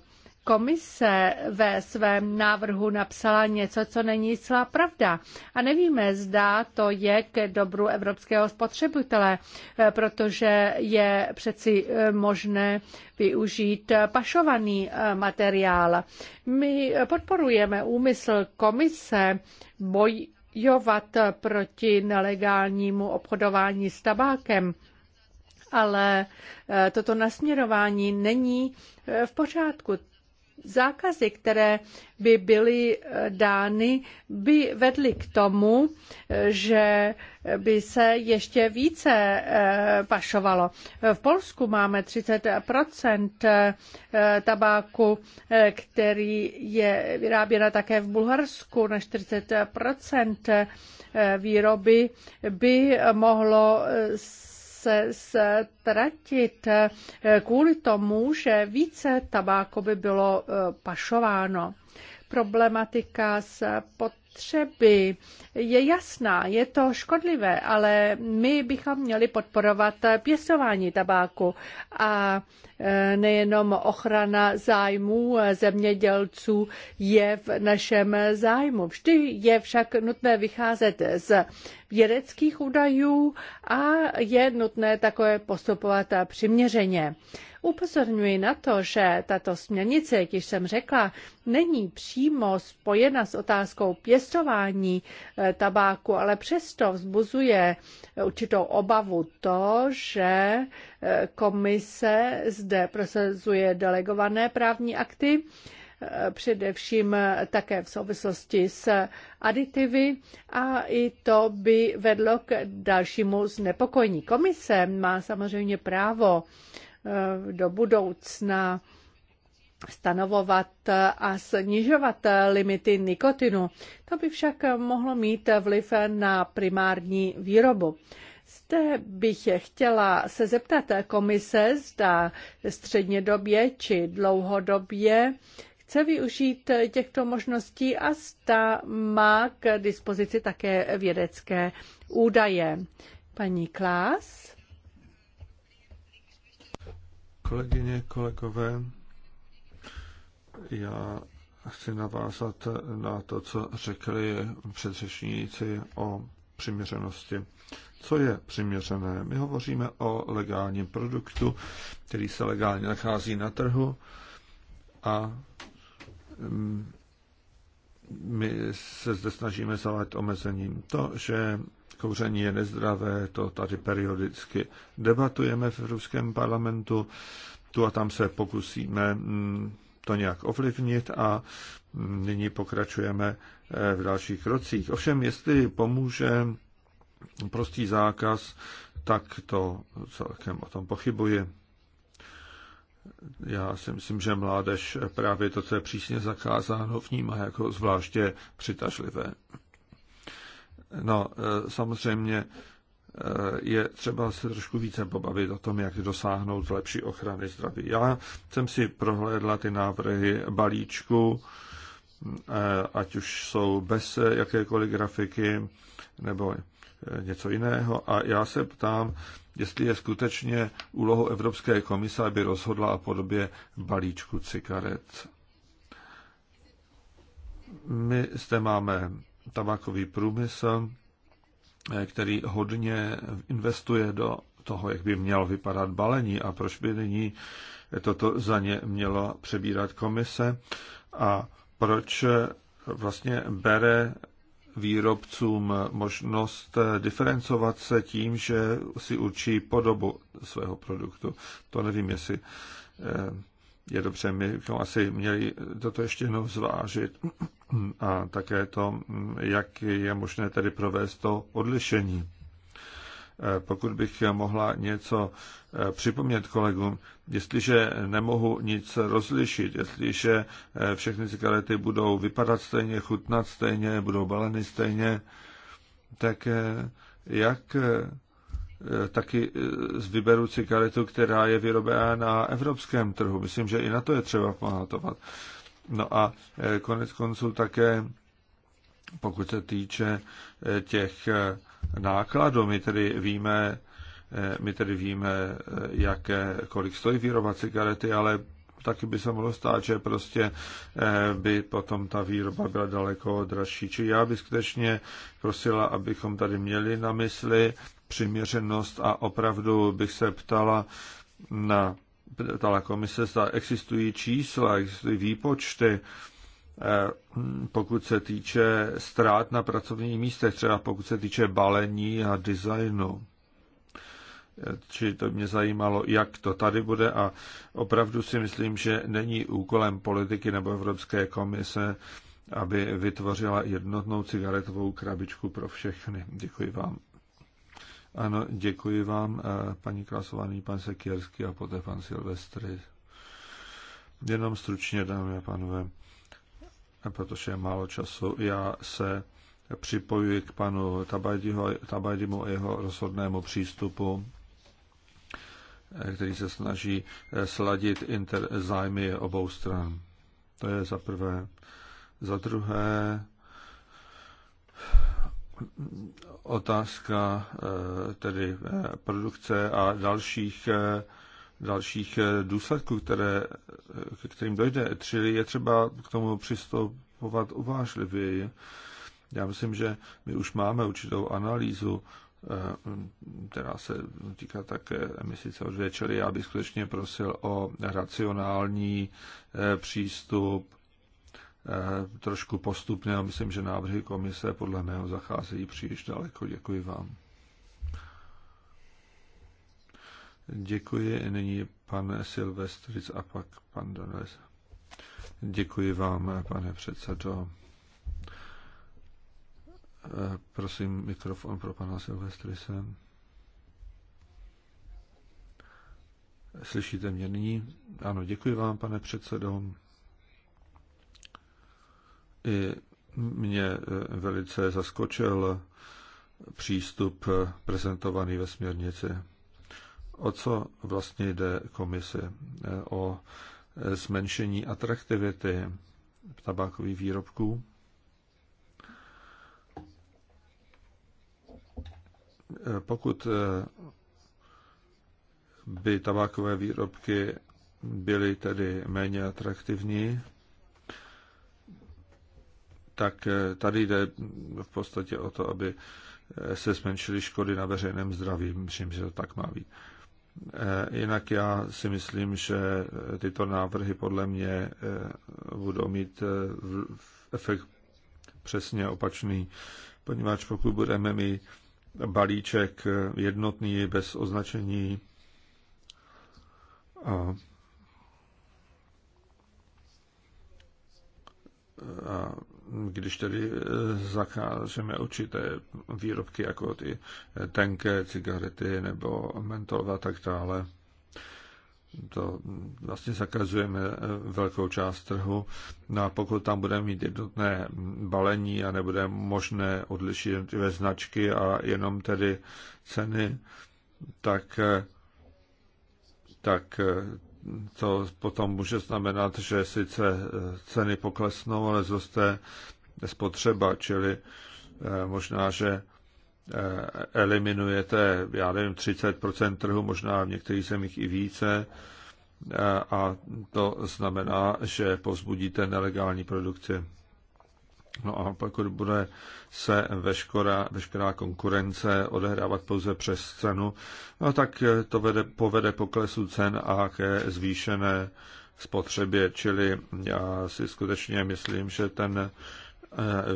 komise ve svém návrhu napsala něco, co není celá pravda. A nevíme, zda to je k dobru evropského spotřebitele, eh, protože je přeci eh, možné využít pašovaný eh, materiál. My podporujeme úmysl komise bojovat proti nelegálnímu obchodování s tabákem ale toto nasměrování není v pořádku. Zákazy, které by byly eh, dány, by vedly k tomu, eh, že by se ještě více eh, pašovalo. V Polsku máme 30 tabáku, který je vyráběna také v Bulharsku na 40 výroby by mohlo se ztratit kvůli tomu, že více tabáku by bylo eh, pašováno problematika s pot spotřeby je jasná, je to škodlivé, ale my bychom měli podporovat pěstování tabáku a e, nejenom ochrana zájmů zemědělců je v našem zájmu. Vždy je však nutné vycházet z vědeckých údajů a je nutné takové postupovat přiměřeně. Upozorňuji na to, že tato směrnice, jak již jsem řekla, není přímo spojena s otázkou pěstování pěstování eh, tabáku, ale přesto vzbuzuje eh, určitou obavu to, že eh, komise zde prosazuje delegované právní akty, především také v souvislosti s aditivy a i to by vedlo k dalšímu znepokojení. Komise má samozřejmě právo do budoucna stanovovat a snižovat limity nikotinu. To by však mohlo mít vliv na primární výrobu. Zde bych chtěla se zeptat komise, zda střednědobě či dlouhodobě chce využít těchto možností a zda má k dispozici také vědecké údaje. Paní Klás. Kolegyně, kolegové, já chci navázat na to, co řekli předřečníci o přiměřenosti. Co je přiměřené? My hovoříme o legálním produktu, který se legálně nachází na trhu a mm, my se zde snažíme zavádět omezením. To, že kouření je nezdravé, to tady periodicky debatujeme v Evropském parlamentu. Tu a tam se pokusíme mm, to nějak ovlivnit a nyní pokračujeme eh, v dalších krocích. Ovšem, jestli pomůže prostý zákaz, tak to celkem o tom pochybuji. Já si myslím, že mládež právě to, co je přísně zakázáno, vnímá jako zvláště přitažlivé. No, eh, samozřejmě Eh, je třeba se trošku více pobavit o tom, jak dosáhnout lepší ochrany zdraví. Já jsem si prohlédla ty návrhy balíčku, eh, ať už jsou bez jakékoliv grafiky nebo eh, něco jiného. A já se ptám, jestli je skutečně úlohou Evropské komise, aby rozhodla o podobě balíčku cigaret. My zde máme tabakový průmysl, Eh, který hodně investuje do toho, jak by měl vypadat balení a proč by nyní toto za ně mělo přebírat komise a proč eh, vlastně bere výrobcům možnost eh, diferencovat se tím, že si určí podobu svého produktu. To nevím, jestli je dobře, my bychom asi měli toto ještě jednou zvážit a také to, jak je možné tedy provést to odlišení. E, pokud bych mohla něco e, připomnět kolegům, jestliže nemohu nic rozlišit, jestliže e, všechny cigarety budou vypadat stejně, chutnat stejně, budou baleny stejně, tak jak taky vyberu cigaretu, která je vyrobená na evropském trhu. Myslím, že i na to je třeba pamatovat. No a e, konec konců také, pokud se týče e, těch e, nákladů, my tedy víme, my tedy víme, jaké, kolik stojí výroba cigarety, ale taky by se mohlo stát, že prostě by potom ta výroba byla daleko dražší. Či já bych skutečně prosila, abychom tady měli na mysli přiměřenost a opravdu bych se ptala na ptala komise, zda existují čísla, existují výpočty, eh, pokud se týče ztrát na pracovních místech, třeba pokud se týče balení a designu. Či to mě zajímalo, jak to tady bude a opravdu si myslím, že není úkolem politiky nebo Evropské komise, aby vytvořila jednotnou cigaretovou krabičku pro všechny. Děkuji vám. Ano, děkuji vám, eh, paní Krasovaný, pan Sekierský a poté pan Silvestry. Jenom stručně, dámy a pánové, protože je málo času. Já se připojuji k panu Tabajdimu a jeho rozhodnému přístupu, eh, který se snaží eh, sladit inter zájmy obou stran. To je za prvé. Za druhé, otázka eh, tedy eh, produkce a dalších, eh, dalších důsledků, které, ke kterým dojde. Čili je třeba k tomu přistupovat uvážlivěji. Já myslím, že my už máme určitou analýzu, která se týká také emisí CO2, čili já bych skutečně prosil o racionální přístup, Eh, trošku postupně a myslím, že návrhy komise podle mého zacházejí příliš daleko. Děkuji vám. Děkuji. Nyní pan Silvestric a pak pan Dones. Děkuji vám, pane předsedo. Eh, prosím mikrofon pro pana Silvestrise. Slyšíte mě nyní? Ano, děkuji vám, pane předsedo. I mě eh, velice zaskočil přístup eh, prezentovaný ve směrnici. O co vlastně jde komisi? Eh, o zmenšení atraktivity tabákových výrobků? Pokud by tabákové výrobky byly tedy méně atraktivní, tak eh, tady jde v podstatě o to, aby eh, se zmenšily škody na veřejném zdraví. Myslím, že to tak má být. Eh, jinak já si myslím, že tyto návrhy podle mě budou mít efekt přesně opačný, poněvadž pokud budeme mít balíček jednotný bez označení a, a když tedy eh, zakážeme určité výrobky jako ty eh, tenké cigarety nebo mentolové a tak dále, to vlastně zakazujeme eh, velkou část trhu. No a pokud tam budeme mít jednotné balení a nebude možné odlišit jednotlivé značky a jenom tedy ceny, tak, tak to potom může znamenat, že sice eh, ceny poklesnou, ale zroste spotřeba, čili eh, možná, že eh, eliminujete, já nevím, 30% trhu, možná v některých zemích i více, a to znamená, že pozbudíte nelegální produkci. No a pokud bude se veškerá, veškerá konkurence odehrávat pouze přes cenu, no tak to vede, povede poklesu cen a ke zvýšené spotřebě. Čili já si skutečně myslím, že ten eh,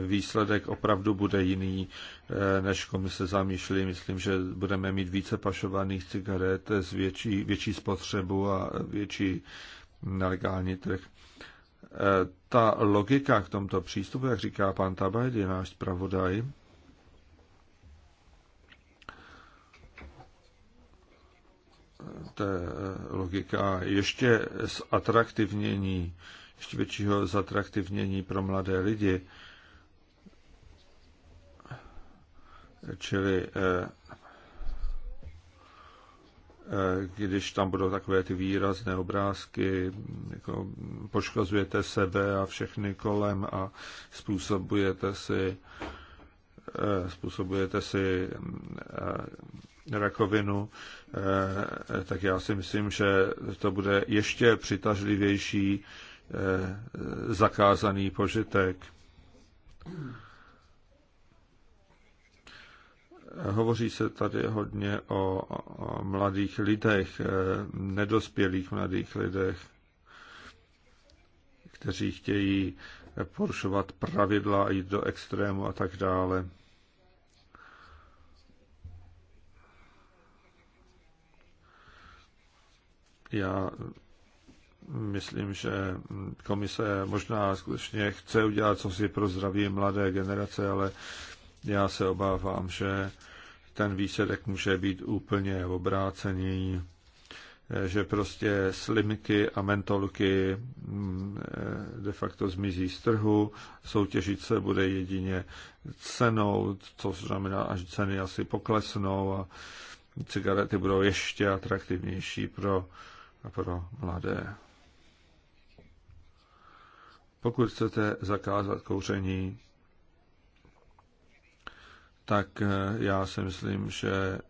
výsledek opravdu bude jiný, eh, než komise zamýšlí. Myslím, že budeme mít více pašovaných cigaret s větší, větší spotřebu a větší nelegální trh ta logika k tomto přístupu, jak říká pan je náš zpravodaj, ta eh, logika ještě atraktivnění, ještě většího zatraktivnění pro mladé lidi, čili eh, když tam budou takové ty výrazné obrázky, jako poškozujete sebe a všechny kolem a způsobujete si, eh, způsobujete si eh, rakovinu, eh, tak já si myslím, že to bude ještě přitažlivější zakázaný požitek. Hovoří se tady hodně o, o mladých lidech, eh, nedospělých mladých lidech, kteří chtějí porušovat pravidla a jít do extrému a tak dále. Já myslím, že komise možná skutečně chce udělat co si pro zdraví mladé generace, ale já se obávám, že ten výsledek může být úplně obrácený, že prostě slimky a mentolky mm, eh, de facto zmizí z trhu, soutěžit se bude jedině cenou, což znamená, až ceny asi poklesnou a cigarety budou ještě atraktivnější pro, pro mladé. Pokud chcete zakázat kouření, tak eh, já si myslím, že eh,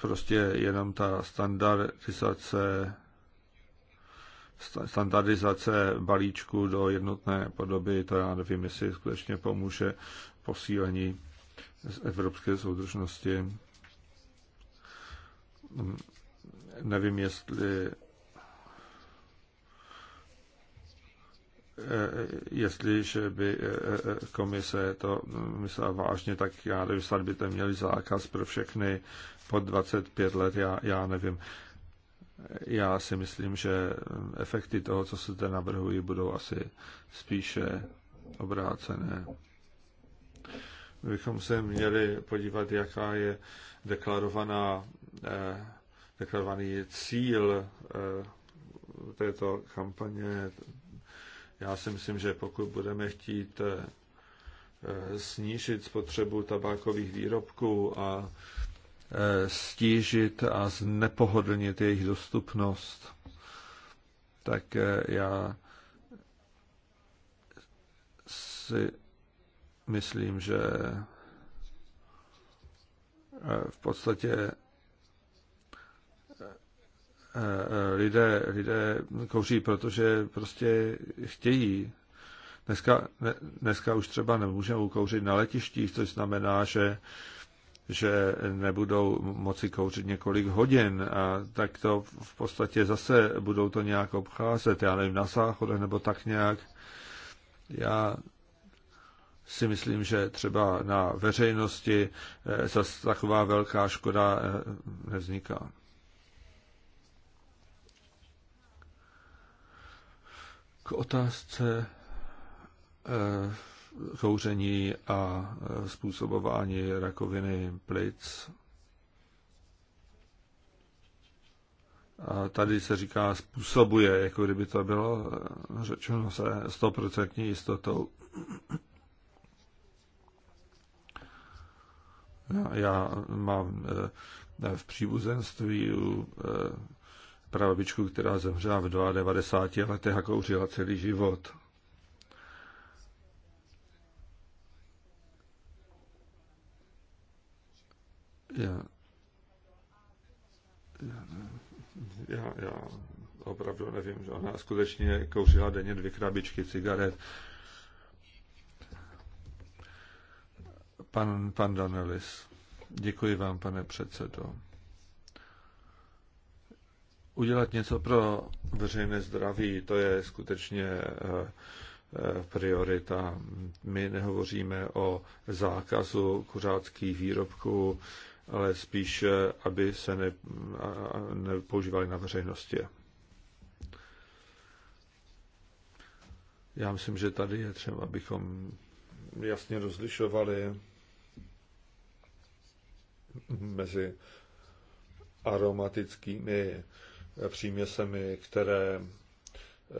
prostě jenom ta standardizace standardizace balíčku do jednotné podoby, to já nevím, jestli skutečně pomůže posílení z evropské soudržnosti. Mm, nevím, jestli Eh, jestliže by eh, eh, komise to mm, myslela vážně, tak já nevím, snad by to měli zákaz pro všechny pod 25 let, já, já nevím. Já si myslím, že mm, efekty toho, co se zde navrhují, budou asi spíše obrácené. bychom se měli podívat, jaká je deklarovaná, eh, deklarovaný cíl eh, této kampaně, já si myslím, že pokud budeme chtít eh, eh, snížit spotřebu tabákových výrobků a eh, stížit a znepohodlnit jejich dostupnost, tak já si myslím, že v podstatě lidé, lidé kouří, protože prostě chtějí. Dneska, dneska už třeba nemůžou kouřit na letištích, což znamená, že že nebudou moci kouřit několik hodin a tak to v podstatě zase budou to nějak obcházet, já nevím, na záchodech nebo tak nějak. Já si myslím, že třeba na veřejnosti eh, zase taková velká škoda eh, nevzniká. otázce eh, kouření a eh, způsobování rakoviny plic. A tady se říká způsobuje, jako kdyby to bylo eh, řečeno se stoprocentní jistotou. Já mám v příbuzenství pravičku, která zemřela v 92 letech a kouřila celý život. Já, já, já, já opravdu nevím, že ona skutečně kouřila denně dvě krabičky cigaret. Pan, pan Danelis, děkuji vám, pane předsedo udělat něco pro veřejné zdraví, to je skutečně eh, eh, priorita. My nehovoříme o zákazu kuřáckých výrobků, ale spíš, eh, aby se ne, nepoužívali na veřejnosti. Já myslím, že tady je třeba, abychom jasně rozlišovali mezi aromatickými příměsemi, které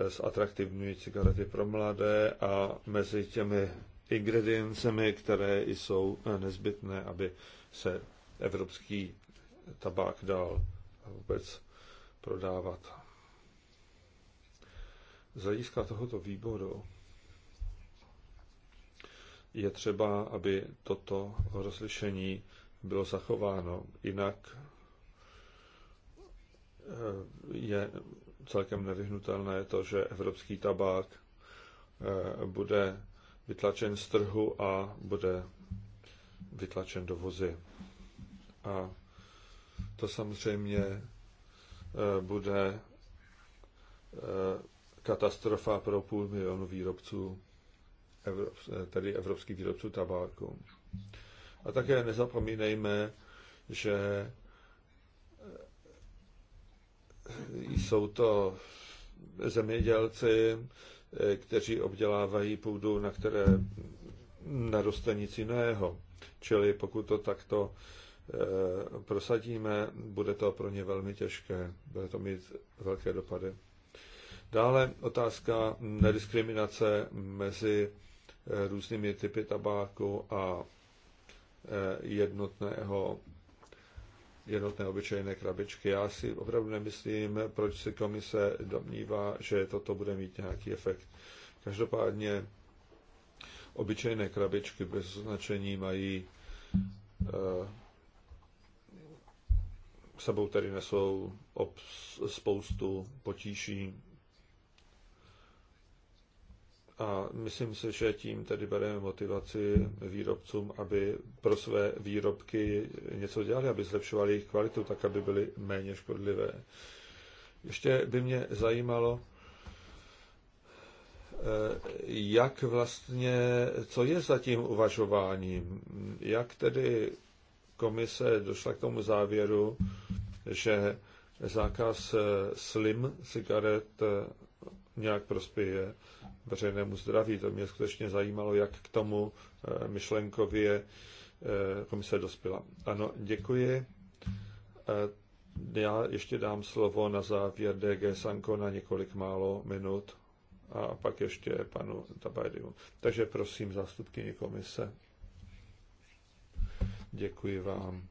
eh, zatraktivňují cigarety pro mladé a mezi těmi ingrediencemi, které jsou eh, nezbytné, aby se evropský tabák dal vůbec prodávat. Z hlediska tohoto výboru je třeba, aby toto rozlišení bylo zachováno, jinak Eh, je celkem nevyhnutelné to, že evropský tabák eh, bude vytlačen z trhu a bude vytlačen do vozy. A to samozřejmě eh, bude katastrofa pro půl milionu výrobců, tedy evropských výrobců tabáku. A také nezapomínejme, že jsou to zemědělci, eh, kteří obdělávají půdu, na které naroste nic jiného. Čili pokud to takto eh, prosadíme, bude to pro ně velmi těžké, bude to mít velké dopady. Dále otázka nediskriminace mezi eh, různými typy tabáku a jednotného jednotné obyčejné krabičky. Já si opravdu nemyslím, proč se komise domnívá, že toto bude mít nějaký efekt. Každopádně obyčejné krabičky bez označení mají eh, sebou tedy nesou spoustu potíží a myslím si, že tím tedy bereme motivaci výrobcům, aby pro své výrobky něco dělali, aby zlepšovali jejich kvalitu, tak aby byly méně škodlivé. Ještě by mě zajímalo, eh, jak vlastně, co je za tím uvažováním, jak tedy komise došla k tomu závěru, že zákaz eh, slim cigaret eh, nějak prospěje veřejnému zdraví. To mě skutečně zajímalo, jak k tomu eh, myšlenkově eh, komise dospěla. Ano, děkuji. Eh, já ještě dám slovo na závěr DG Sanko na několik málo minut a pak ještě panu Tabajdiu. Takže prosím, zástupkyni komise. Děkuji vám.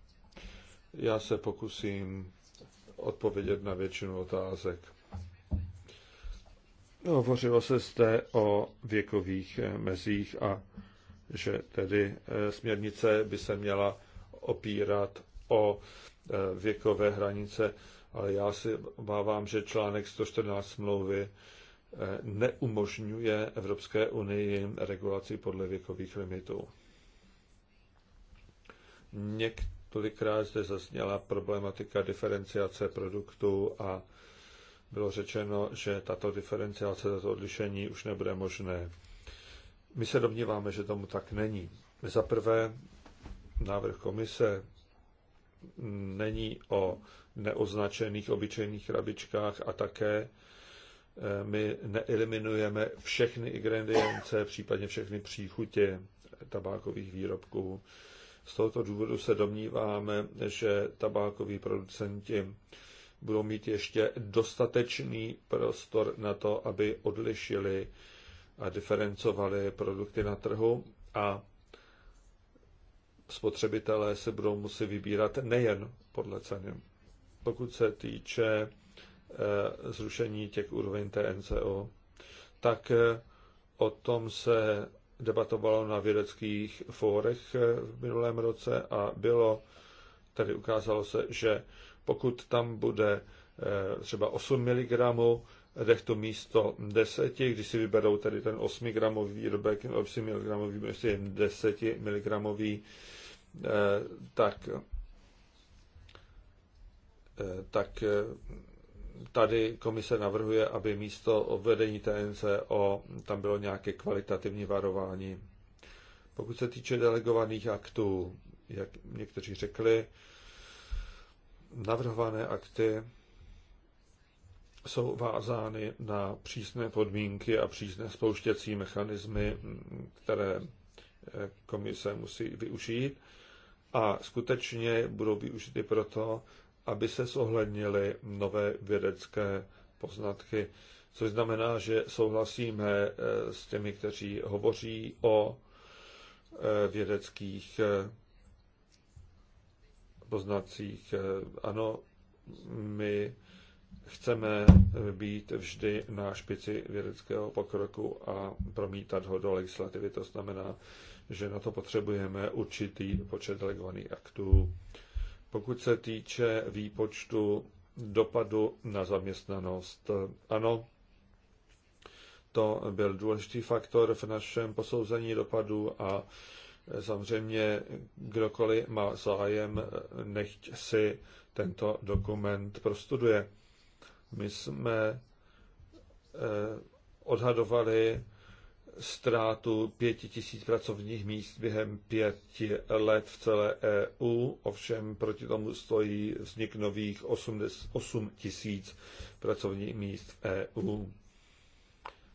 Já se pokusím odpovědět na většinu otázek. Hovořilo se zde o věkových eh, mezích a že tedy eh, směrnice by se měla opírat o eh, věkové hranice, ale já si obávám, že článek 114 smlouvy neumožňuje Evropské unii regulaci podle věkových limitů. Několikrát zde zazněla problematika diferenciace produktů a bylo řečeno, že tato diferenciace, tato odlišení už nebude možné. My se domníváme, že tomu tak není. Za prvé, návrh komise není o neoznačených obyčejných krabičkách a také eh, my neeliminujeme všechny ingredience, případně všechny příchutě tabákových výrobků. Z tohoto důvodu se domníváme, že tabákoví producenti budou mít ještě dostatečný prostor na to, aby odlišili a diferencovali produkty na trhu a spotřebitelé se budou muset vybírat nejen podle ceny. Pokud se týče eh, zrušení těch úroveň TNCO, tak eh, o tom se debatovalo na vědeckých fórech eh, v minulém roce a bylo, tedy ukázalo se, že pokud tam bude eh, třeba 8 mg to místo 10, když si vyberou tady ten 8 gramový výrobek, 8 mg, jestli je 10 mg, tak, eh, tak eh, tady komise navrhuje, aby místo vedení TNCO tam bylo nějaké kvalitativní varování. Pokud se týče delegovaných aktů, jak někteří řekli, navrhované akty jsou vázány na přísné podmínky a přísné spouštěcí mechanismy, které eh, komise musí využít a skutečně budou využity proto, aby se zohlednily nové vědecké poznatky, což znamená, že souhlasíme eh, s těmi, kteří hovoří o eh, vědeckých poznacích. Eh, ano, my chceme být vždy na špici vědeckého pokroku a promítat ho do legislativy. To znamená, že na to potřebujeme určitý počet delegovaných aktů. Pokud se týče výpočtu dopadu na zaměstnanost, ano, to byl důležitý faktor v našem posouzení dopadu a Samozřejmě kdokoliv má zájem, nechť si tento dokument prostuduje. My jsme eh, odhadovali ztrátu pěti tisíc pracovních míst během pěti let v celé EU, ovšem proti tomu stojí vznik nových 8 tisíc pracovních míst v EU.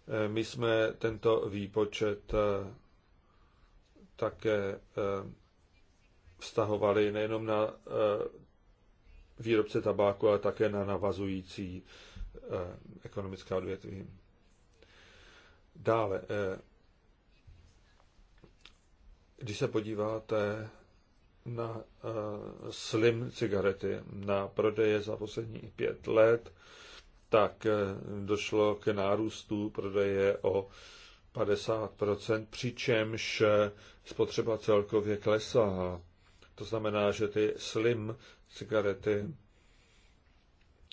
Eh, my jsme tento výpočet eh, také eh, vztahovaly nejenom na eh, výrobce tabáku, ale také na navazující eh, ekonomická odvětví. Dále, když se podíváte na slim cigarety, na prodeje za poslední pět let, tak došlo k nárůstu prodeje o 50%, přičemž spotřeba celkově klesá. To znamená, že ty slim cigarety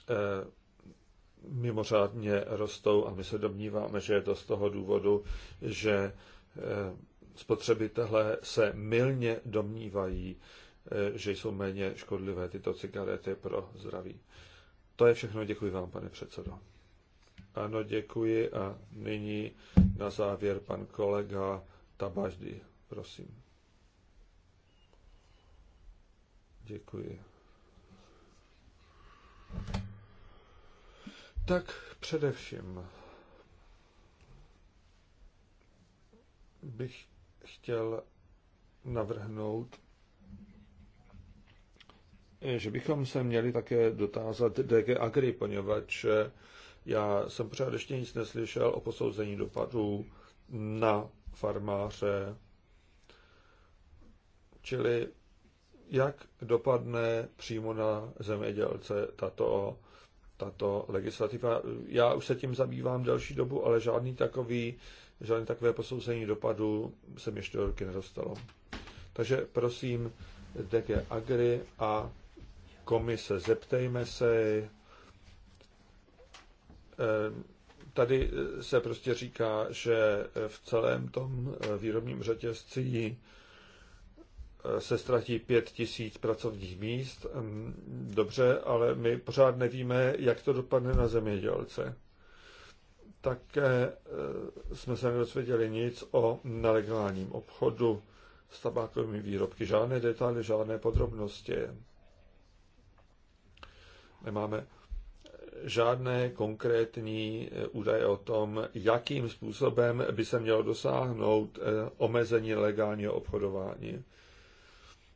eh, mimořádně rostou a my se domníváme, že je to z toho důvodu, že eh, spotřebitelé se mylně domnívají, eh, že jsou méně škodlivé tyto cigarety pro zdraví. To je všechno. Děkuji vám, pane předsedo. Ano, děkuji. A nyní na závěr pan kolega Tabaždy. Prosím. Děkuji. Tak především bych chtěl navrhnout, že bychom se měli také dotázat DG Agri, poněvadž já jsem pořád ještě nic neslyšel o posouzení dopadů na farmáře Čili jak dopadne přímo na zemědělce tato, tato legislativa. Já už se tím zabývám delší dobu, ale žádný takový, žádné takové posouzení dopadu jsem ještě do roky nedostalo. Takže prosím, DG Agri a komise, zeptejme se. Eh, tady se prostě říká, že v celém tom eh, výrobním řetězci se ztratí pět tisíc pracovních míst. Dobře, ale my pořád nevíme, jak to dopadne na zemědělce. Také e, jsme se nedozvěděli nic o nelegálním obchodu s tabákovými výrobky. Žádné detaily, žádné podrobnosti. Nemáme žádné konkrétní e, údaje o tom, jakým způsobem by se mělo dosáhnout e, omezení legálního obchodování.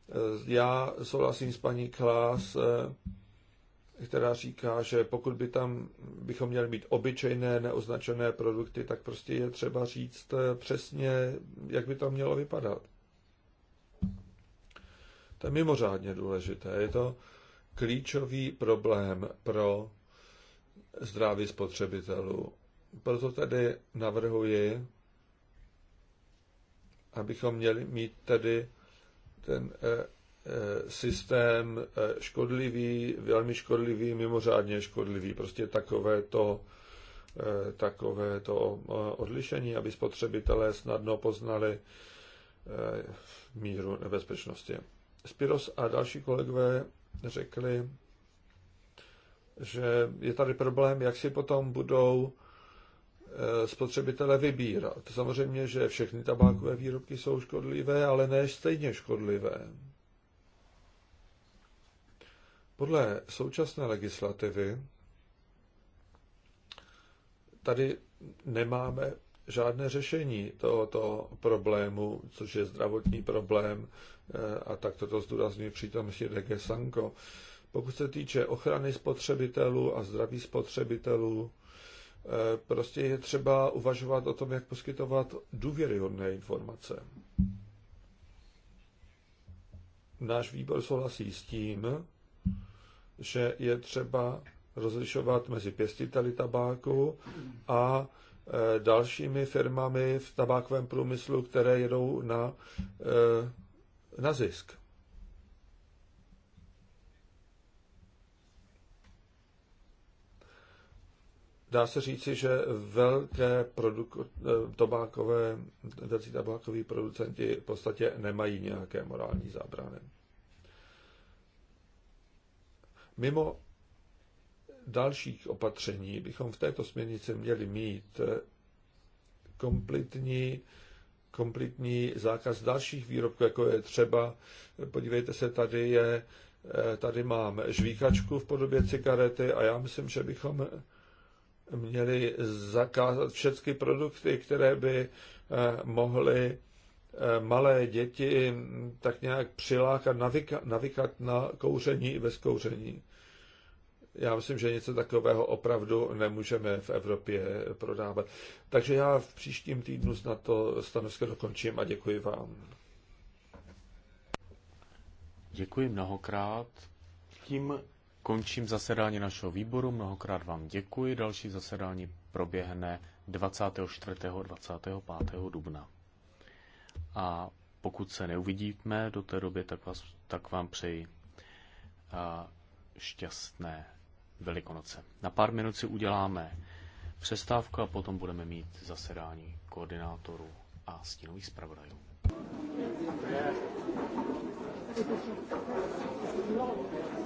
Eh, já souhlasím s paní Klás, eh, která říká, že pokud by tam bychom měli mít obyčejné neoznačené produkty, tak prostě je třeba říct eh, přesně, jak by to mělo vypadat. To je mimořádně důležité. Je to klíčový problém pro zdraví spotřebitelů. Proto tedy navrhuji, abychom měli mít tedy ten eh, eh, systém eh, škodlivý, velmi škodlivý, mimořádně škodlivý. Prostě takové to, takové to odlišení, aby spotřebitelé snadno poznali míru nebezpečnosti. Spiros a další kolegové řekli, že je tady problém, jak si potom budou Eh, spotřebitele vybírat. Samozřejmě, že všechny tabákové výrobky jsou škodlivé, ale ne stejně škodlivé. Podle současné legislativy tady nemáme žádné řešení tohoto problému, což je zdravotní problém, eh, a tak toto zdůrazňuje si DG Sanko. Pokud se týče ochrany spotřebitelů a zdraví spotřebitelů, Eh, prostě je třeba uvažovat o tom, jak poskytovat důvěryhodné informace. Náš výbor souhlasí s tím, že je třeba rozlišovat mezi pěstiteli tabáku a eh, dalšími firmami v tabákovém průmyslu, které jedou na, eh, na zisk. dá se říci, že velké produk- eh, tobákové, velcí tabákoví producenti v podstatě nemají nějaké morální zábrany. Mimo dalších opatření bychom v této směrnici měli mít eh, kompletní, kompletní zákaz dalších výrobků, jako je třeba, podívejte se, tady je, eh, tady mám žvíkačku v podobě cigarety a já myslím, že bychom měli zakázat všechny produkty, které by eh, mohly eh, malé děti tak nějak přilákat, navyka, navykat na kouření i bez kouření. Já myslím, že něco takového opravdu nemůžeme v Evropě prodávat. Takže já v příštím týdnu snad to stanovisko dokončím a děkuji vám. Děkuji mnohokrát. Tím Končím zasedání našeho výboru, mnohokrát vám děkuji. Další zasedání proběhne 24. 25. dubna. A pokud se neuvidíme do té doby, tak, vás, tak vám přeji a šťastné Velikonoce. Na pár minut si uděláme přestávku a potom budeme mít zasedání koordinátorů a stínových zpravodajů. Thank you.